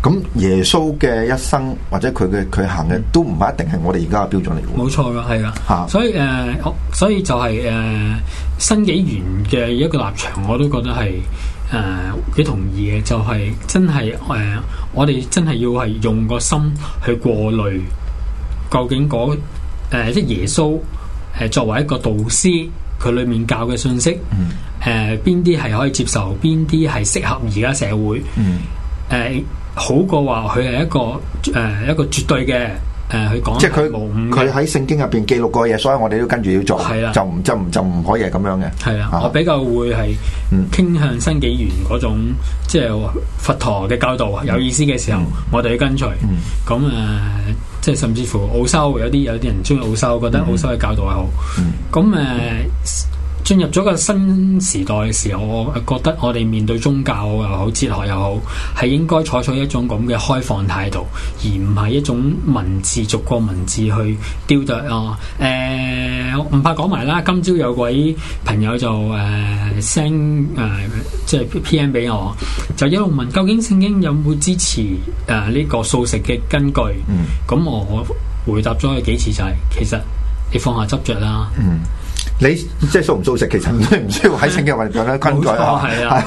咁耶穌嘅一生或者佢嘅佢行嘅都唔係一定係我哋而家嘅標準嚟嘅，冇錯噶，係噶，所以誒、呃，所以就係、是、誒、呃、新紀元嘅一個立場，我都覺得係誒幾同意嘅，就係、是、真係誒、呃，我哋真係要係用個心去過濾究竟，嗰誒、呃、即耶穌誒作為一個導師，佢裏面教嘅信息，誒邊啲係可以接受，邊啲係適合而家社會，誒、嗯。呃好過話佢係一個誒、呃、一個絕對嘅誒、呃、去講，即係佢佢喺聖經入邊記錄過嘅嘢，所以我哋都跟住要做，係啦的，就唔就唔就唔可以係咁樣嘅。係啦的，啊、我比較會係傾向新紀元嗰種，嗯、即係佛陀嘅教導有意思嘅時候、嗯、我哋要跟隨咁誒，即係甚至乎奧修有啲有啲人中意奧修，覺得奧修嘅教導係好咁誒。進入咗個新時代嘅時候，我覺得我哋面對宗教又好，好、哲學又好，係應該採取一種咁嘅開放態度，而唔係一種文字逐個文字去雕琢啊！誒、哦，我唔、呃、怕講埋啦，今朝有位朋友就誒 send 誒即係 PM 俾我，就一路問究竟聖經有冇支持誒呢、呃這個素食嘅根據？嗯，咁我回答咗佢幾次就係、是，其實你放下執着啦。嗯。你即係素唔素食？其實唔需唔需要喺聖經揾咁多根據啊？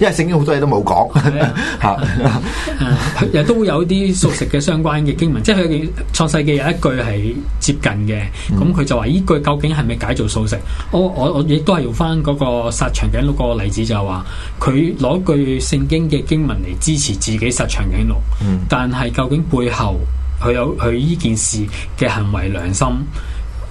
*laughs* 因為聖經好多嘢都冇講嚇，亦都、啊啊 *laughs* 啊、有啲素食嘅相關嘅經文。 *laughs* 即係佢創世記有一句係接近嘅，咁佢就話：依句究竟係咪解做素食？我我我亦都係用翻嗰個殺長頸鹿個例子，就話佢攞句聖經嘅經文嚟支持自己殺長頸鹿，嗯、但係究竟背後佢有佢依件事嘅行為良心？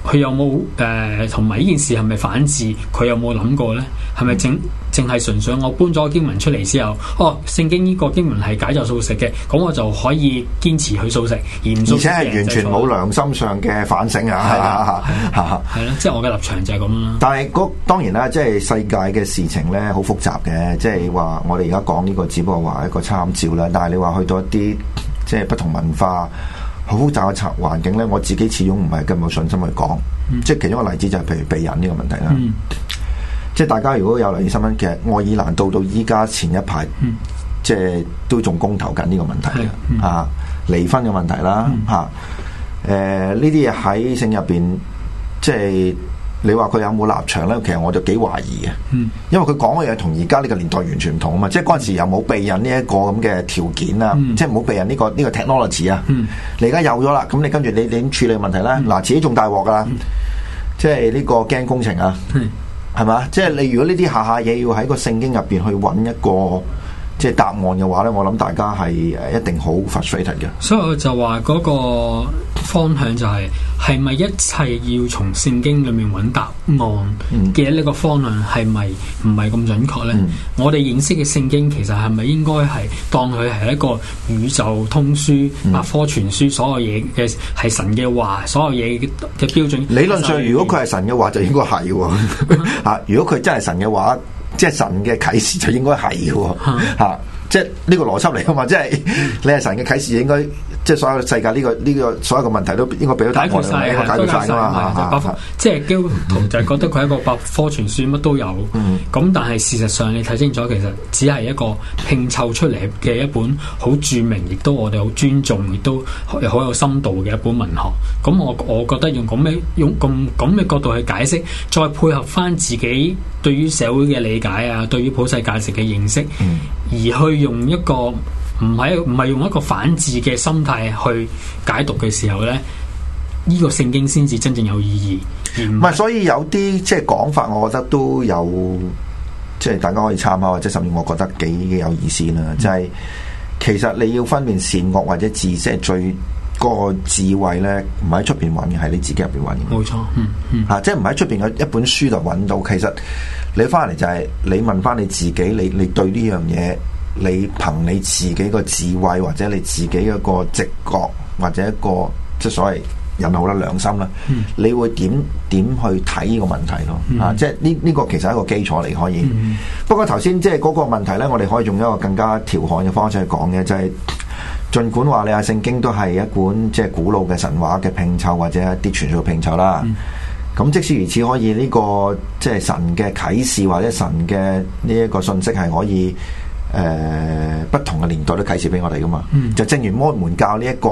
佢有冇誒同埋呢件事係咪反智？佢有冇諗過咧？係咪淨淨係純粹我搬咗個經文出嚟之後，哦聖經呢個經文係解作素食嘅，咁我就可以堅持去素食而唔素食而且係完全冇良心上嘅反省啊！係啦，即係 *laughs* 就係、我嘅立場就係咁、啦、但係嗰當然啦，即、就、係、係、世界嘅事情咧，好複雜嘅，即係話我哋而家講呢個只不過話一個參照啦。但係你話去到一啲即係不同文化。好複雜嘅拆環境咧，我自己始終唔係咁有信心去講，嗯、即係其中一個例子就係譬如避孕呢個問題啦。嗯、即係大家如果有留意新聞嘅，愛爾蘭到到依家，前一排，嗯、即係都仲公投緊呢個問題嘅、嗯、啊，離婚嘅問題啦，吓、嗯，誒呢啲嘢喺性入邊，即係。你話佢有冇立場咧？其實我就幾懷疑嘅，因為佢講嘅嘢同而家呢個年代完全唔同啊嘛！即係嗰陣時又冇備人呢一個咁嘅條件啊，嗯、即係冇備人呢個呢、這個 technology 啊，嗯、你而家有咗啦，咁你跟住你你點處理問題咧？嗱、嗯啊，自己仲大鑊噶啦，嗯、即係呢個驚工程啊，係嘛、嗯？即係你如果呢啲下下嘢要喺個聖經入邊去揾一個。即係答案嘅話咧，我諗大家係誒一定好 frustrated 嘅。所以我就話嗰個方向就係係咪一切要從聖經裏面揾答案嘅呢個方向係咪唔係咁準確咧？嗯、我哋認識嘅聖經其實係咪應該係當佢係一個宇宙通書，啊、嗯，科全書，所有嘢嘅係神嘅話，所有嘢嘅標準。理論上，如果佢係神嘅話，就應該係，哦。啊， *laughs* 如果佢真係神嘅話。即係神嘅啟示就應該係喎，吓，啊啊，即係呢個邏輯嚟噶嘛，即係你係神嘅啟示應該。即係所有世界呢、呢個呢個所有個問題都應該俾咗答案，一個解答噶嘛，吓。即係基督徒就係覺得佢係一個百科全書，乜都有。咁、嗯、但係事實上你睇清楚，其實只係一個拼湊出嚟嘅一本好著名，亦都我哋好尊重，亦都好有深度嘅一本文學。咁我我覺得用咁嘅用咁咁嘅角度去解釋，再配合翻自己對於社會嘅理解啊，對於普世價值嘅認識，而去用一個。嗯嗯嗯唔係唔係用一個反智嘅心態去解讀嘅時候咧，呢個聖經先至真正有意義。唔係，所以有啲即係講法，我覺得都有，即係大家可以參考或者甚至我覺得幾有意思啦。嗯、就係其實你要分辨善惡或者智，即係最嗰個智慧咧，唔係喺出邊揾嘅，係你自己入邊揾嘅。冇錯，吓、嗯嗯啊、即係唔喺出邊嘅一本書就揾到。其實你翻嚟就係你問翻你自己，你你，你對呢樣嘢。你憑你自己個智慧，或者你自己嗰個直覺，或者一個即係所謂人好啦良心啦，嗯、你會點點去睇呢個問題咯？嗯、啊，即係呢呢個其實係一個基礎嚟可以。嗯、不過頭先即係嗰個問題呢，我哋可以用一個更加調和嘅方式去講嘅，就係、是、盡管話你阿聖經都係一本即係古老嘅神話嘅拼湊或者一啲傳說嘅拼湊啦。咁、嗯、即使如此，可以呢、這個即係神嘅啟示或者神嘅呢一個信息係可以。誒、呃、不同嘅年代都啟示俾我哋噶嘛，嗯、就正如摩門教呢、這、一個，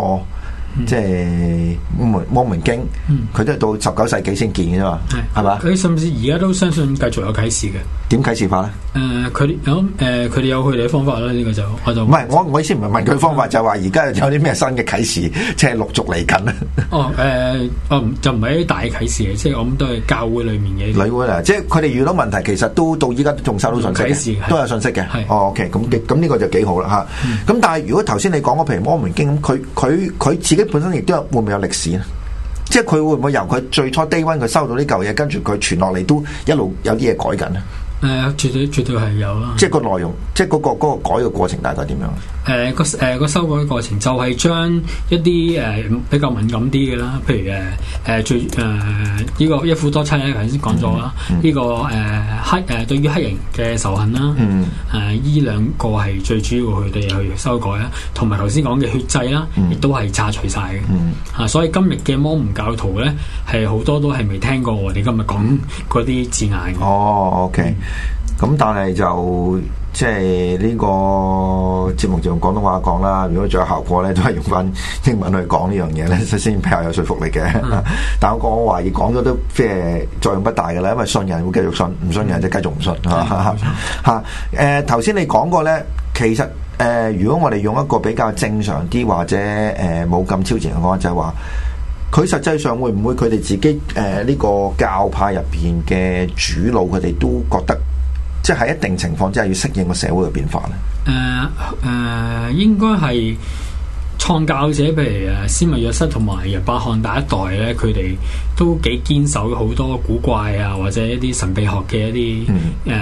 嗯、即係摩摩門經，佢、嗯、都係到十九世紀先見嘅嘛，係嘛是？佢吧甚至而家都相信繼續有啟示嘅。點啟示法咧？誒，佢啲咁，誒佢哋有佢哋嘅方法啦，呢個就我就唔係我意思唔係問佢方法，這個、就係話而家有啲咩新嘅啟示，即係陸續嚟緊啦。哦誒、呃、就唔係啲大啟示嘅，即係我諗都係教會裡面嘅。教即係佢哋遇到問題，其實都到依家仲收到信息都有信息嘅。的哦，OK，咁咁呢個就幾好啦嚇。咁、嗯嗯、但係如果頭先你講嗰，譬如《摩門經》咁，佢佢佢自己本身亦都有會唔會有歷史咧？即係佢會唔會由佢最初 day one 佢收到呢嚿嘢，跟住佢傳落嚟都一路有啲嘢改緊咧？係啊，絕對絕對係有啦。即係個內容，即係嗰個嗰個改嘅過程，大概點樣？誒個誒個修改嘅過程就係將一啲誒、呃、比較敏感啲嘅啦，譬如誒誒、呃、最誒呢、呃呢個一夫多妻咧，頭先講咗啦，呢、 *noise* 呢個誒、呃、黑誒、啊、對於黑人嘅仇恨啦，誒、啊、呢、啊、兩個係最主要佢哋去修改啦，同埋頭先講嘅血祭啦，亦、啊、都係刪除晒。嘅嚇、 *noise* *noise* 啊。所以今日嘅摩門教徒咧，係好多都係未聽過我哋今日講嗰啲字眼嘅。哦、oh，OK，咁 *noise* 但係就。即係呢個節目就用廣東話講啦。如果仲有效果呢，都係用翻英文去講呢樣嘢呢，首先比較有說服力嘅。Mm hmm. 但我講，我懷疑講咗都即係作用不大嘅啦。因為信人會繼續信，唔信人就繼續唔信。吓，誒，頭先你講過呢，其實誒、呃，如果我哋用一個比較正常啲或者誒冇咁超前嘅講法就係、是、話，佢實際上會唔會佢哋自己誒呢、呃這個教派入邊嘅主腦，佢哋都覺得。即係喺一定情況之下要適應個社會嘅變化咧。誒誒，應該係創教者，譬如誒斯密約瑟同埋楊百翰第一代咧，佢哋都幾堅守好多古怪啊，或者一啲神秘學嘅一啲誒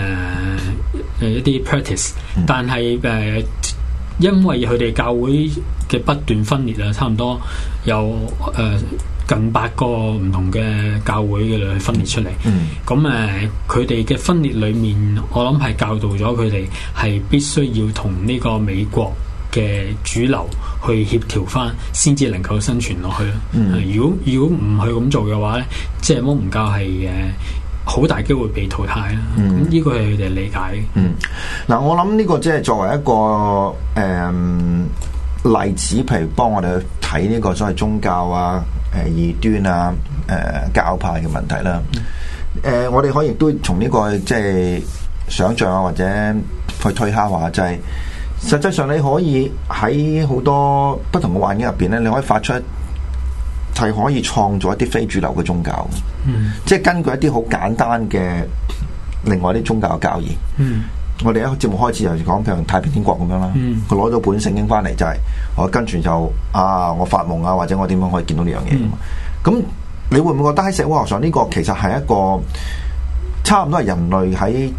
誒一啲 practice、mm。Hmm. 但係誒，uh, 因為佢哋教會嘅不斷分裂啊，差唔多有，誒、uh,。近八個唔同嘅教會嘅分裂出嚟，咁誒、嗯，佢哋嘅分裂裏面，我諗係教導咗佢哋係必須要同呢個美國嘅主流去協調翻，先至能夠生存落去、嗯如。如果如果唔去咁做嘅話咧，即係摩門教係誒，好大機會被淘汰啦。咁呢、嗯、個係佢哋理解嗯。嗯，嗱，我諗呢個即係作為一個誒、嗯、例子，譬如幫我哋去睇呢個所謂宗教啊。誒，異端啊，誒、呃，教派嘅問題啦。誒、呃，我哋可以都從呢、這個即係、就是、想象啊，或者去推敲下話，就係、是、實際上你可以喺好多不同嘅環境入邊咧，你可以發出係可以創造一啲非主流嘅宗教。嗯，即係根據一啲好簡單嘅另外啲宗教教義。嗯。我哋喺節目開始就講，譬如，太平天國咁樣啦，佢攞、嗯、到本聖經翻嚟就係、是、我跟住就啊我發夢啊或者我點樣可以見到呢樣嘢，咁、嗯、你會唔會覺得喺社會學上呢個其實係一個差唔多係人類喺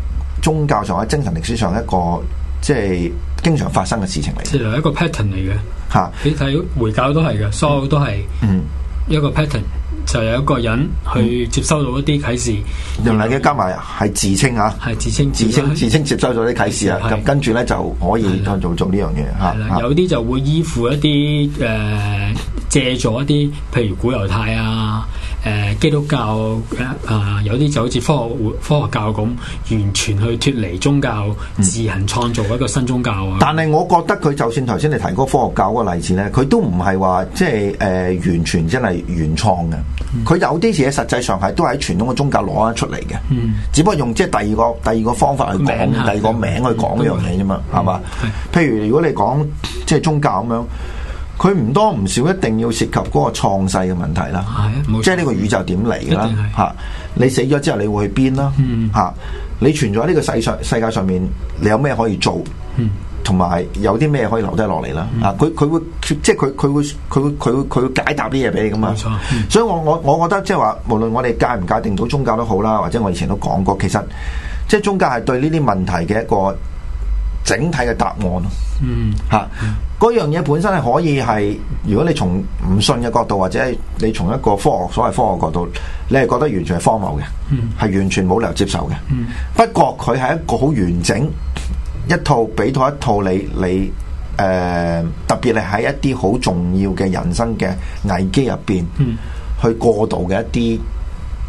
宗教上喺精神歷史上一個即係、就是、經常發生嘅事情嚟？其實係一個 pattern 嚟嘅，吓、啊、你睇回教都係嘅，所有都係嗯一個 pattern、嗯。嗯就有一個人去接收到一啲啟示，原來嘅加埋係自稱啊，係自稱、自稱、啊、自稱接收咗啲啟示啊，咁的跟住咧就可以做的做呢樣嘢嚇。的啊、有啲就會依附一啲誒。呃借咗一啲，譬如古猶太啊，誒基督教啊，有啲就好似科學科學教咁，完全去脫離宗教，自行創造一個新宗教。啊。但係我覺得佢就算頭先你提嗰個科學教嗰個例子咧，佢都唔係話即係誒完全真係原創嘅。佢有啲嘢實際上係都喺傳統嘅宗教攞得出嚟嘅，只不過用即係第二個第二個方法去講，第二個名去講一樣嘢啫嘛，係嘛？譬如如果你講即係宗教咁樣。佢唔多唔少，一定要涉及嗰個創世嘅問題啦，即係呢個宇宙點嚟啦嚇？你死咗之後，你會去邊啦嚇？你存在呢個世上世界上面，你有咩可以做？同埋、嗯、有啲咩可以留低落嚟啦？嗯、啊，佢佢會即係佢佢會佢會佢會佢會解答啲嘢俾你㗎嘛。嗯、所以我，我我我覺得即係話，無論我哋界唔界定到宗教都好啦，或者我以前都講過，其實即係宗教係對呢啲問題嘅一個整體嘅答案咯、嗯，嗯，吓，嗰樣嘢本身係可以係，如果你從唔信嘅角度，或者你從一個科學所謂科學角度，你係覺得完全係荒謬嘅，嗯，係完全冇理由接受嘅，嗯、不過佢係一個好完整一套，俾到一套你，你誒、呃，特別係喺一啲好重要嘅人生嘅危機入邊，嗯、去過渡嘅一啲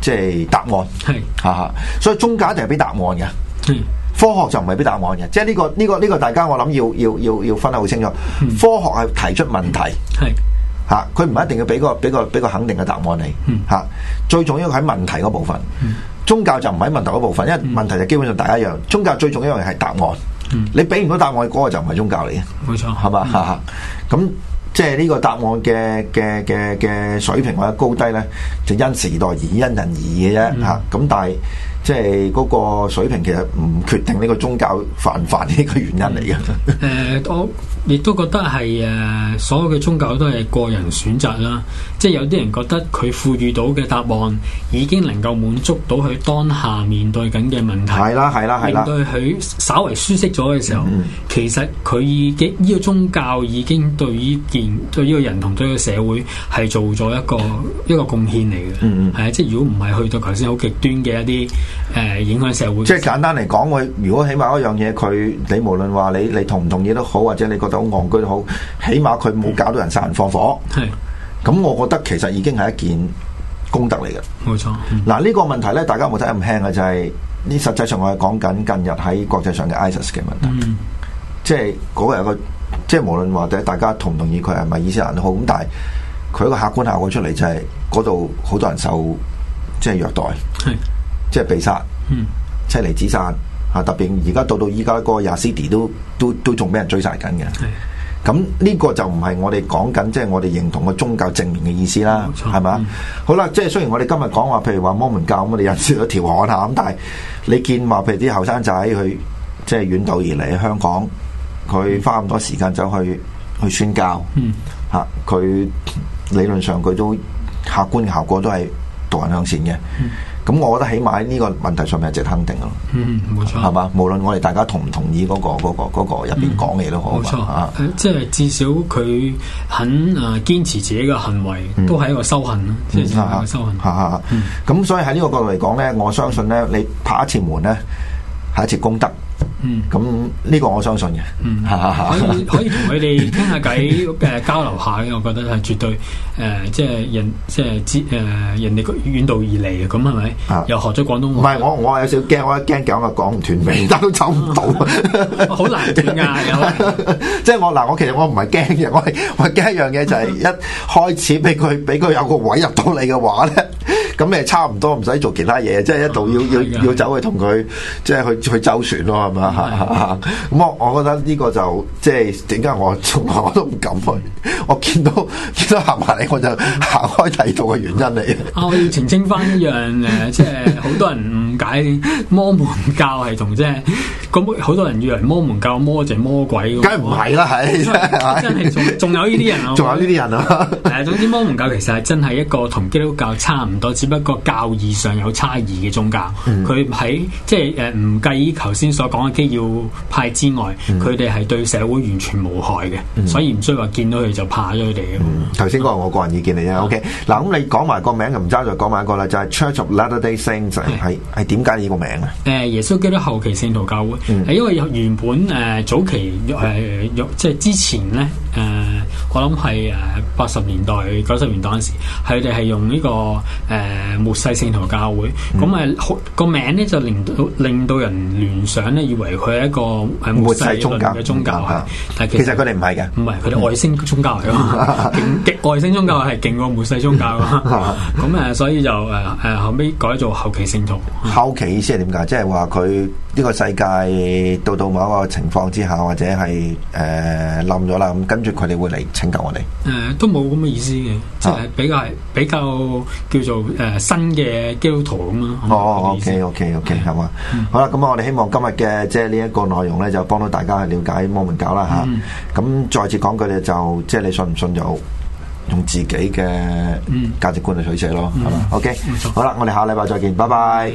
即係答案，係是，吓、嗯， *laughs* 所以宗教一定係俾答案嘅，嗯。嗯嗯科學就唔係俾答案嘅，即係呢個呢個呢個，這個這個、大家我諗要要要要分得好清楚。科學係提出問題，係吓佢唔一定要俾個俾個俾個肯定嘅答案你，吓最重要喺問題嗰部分。宗教就唔係喺問題嗰部分，因為問題就基本上大家一樣。宗教最重要一樣係答案，你俾唔到答案嗰、那個就唔係宗教嚟嘅。冇錯錯，係嘛吧？咁即係呢個答案嘅嘅嘅嘅水平或者高低咧，就因時代而異因人而異嘅啫。吓咁但係。即係嗰個水平，其實唔決定呢個宗教泛泛呢個原因嚟嘅、嗯。呃亦都覺得係誒，所有嘅宗教都係個人選擇啦。即係有啲人覺得佢賦予到嘅答案已經能夠滿足到佢當下面對緊嘅問題。係啦，係啦，係啦。面對佢稍為舒適咗嘅時候，嗯、其實佢已經呢、這個宗教已經對呢件對呢個人同對呢個社會係做咗一個一個貢獻嚟嘅。嗯、係啊，即係如果唔係去到頭先好極端嘅一啲誒、呃、影響社會。即係簡單嚟講，佢如果起碼一樣嘢，佢你無論話你你，你，你同唔同意都好，或者你覺到戇居好，嗯、起碼佢冇搞到人殺人放火。係是，咁我覺得其實已經係一件功德嚟嘅。冇錯。嗱、嗯，呢、這個問題咧，大家冇睇咁輕嘅，就係、是、呢實際上我係講緊近日喺國際上嘅 ISIS 嘅問題。嗯、即係嗰個有個，即係無論話大家同唔同意佢係咪伊斯蘭好，咁但係佢一個客觀效果出嚟就係嗰度好多人受即係、就是、虐待，係是，即係被殺，嗯，妻離子散。啊！特別而家到到依家個雅西迪都都都仲俾人追晒緊嘅。咁呢的個就唔係我哋講緊、就是，即係我哋認同個宗教證明嘅意思啦，係咪？好啦，即係雖然我哋今日講話，譬如話摩門教咁，我哋又受咗條汗啊咁，但係你見話譬如啲後生仔去即係遠道而嚟香港，佢花咁多時間走去去宣教，嚇佢、嗯啊、理論上佢都客觀效果都係導人向前嘅。嗯。咁我覺得起碼喺呢個問題上面係值得肯定咯，嗯冇錯，係嘛？無論我哋大家同唔同意嗰個嗰個嗰個入邊講嘢都好啊，冇錯即係至少佢肯啊堅持自己嘅行為，都係一個修行咯，修行，嚇嚇嚇，咁所以喺呢個角度嚟講咧，我相信咧，你拍一次門咧，係一次功德。嗯，咁呢個我相信嘅。嗯 *laughs* 可，可以可以同佢哋傾下偈，誒交流下嘅，我覺得係絕對誒、呃，即係人即係知誒，人哋遠道而嚟嘅。咁係咪？啊、又學咗廣東話。唔係我我有少驚，我一驚講就講唔斷尾 *laughs* 但都走唔到， *laughs* *laughs* 好難斷嘅嘛。即係我嗱，我其實我唔係驚嘅，我係我驚一樣嘢，就係一開始俾佢俾佢有個位入到你嘅話咧。咁你差唔多唔使做其他嘢，即係一度要要、啊、要走去同佢，即係去去周旋咯，係咪啊？咁我我覺得呢個就即係點解我從來我都唔敢去，我見到見到行埋嚟我就行開睇到嘅原因嚟、啊。我要澄清翻一樣嘅，即係好多人誤解摩門教係同即係，咁好多人以為摩門教摩就魔鬼，梗係唔係啦，係以的真係仲仲有呢啲人仲有呢啲人啊， *laughs* 總之摩門教其實係真係一個同基督教差唔多，不過教義上有差異嘅宗教，佢喺即係誒，唔計依頭先所講嘅基要派之外，佢哋係對社會完全無害嘅，嗯、所以唔需要話見到佢就怕咗佢哋。頭先嗰個我個人意見嚟啫。OK，嗱咁你講埋個名就唔揸再講埋一個啦，就係、是、Church of Latter Day Saints 係係點解呢個名咧？誒，耶穌基督後期聖徒教會係、嗯、因為原本誒早期誒即係之前咧。呃誒，uh, 我諗係誒八十年代、九十年代嗰陣時，佢哋係用呢、這個誒末、uh, 世聖徒教會，咁誒個名咧就令到令到人聯想咧，以為佢係一個末世，世宗教嘅宗教，但、嗯嗯嗯、其實佢哋唔係嘅，唔係佢哋外星宗教嚟嘅，極、嗯、 *laughs* 外星宗教係勁過末世宗教咁誒、嗯 *laughs* 嗯，所以就誒誒、uh, 後尾改做後期聖徒，後期意思係點解？即係話佢。呢個世界到到某一個情況之下，或者係誒冧咗啦，咁跟住佢哋會嚟拯救我哋。誒，都冇咁嘅意思嘅，即係比較比較叫做誒新嘅基督徒咁樣。哦，OK，OK，OK，好啊。好啦，咁我哋希望今日嘅即係呢一個內容咧，就幫到大家去了解摩門教啦吓。咁再次講佢哋就即係你信唔信就用自己嘅價值觀去取捨咯，係嘛？OK，好啦，我哋下禮拜再見，拜拜。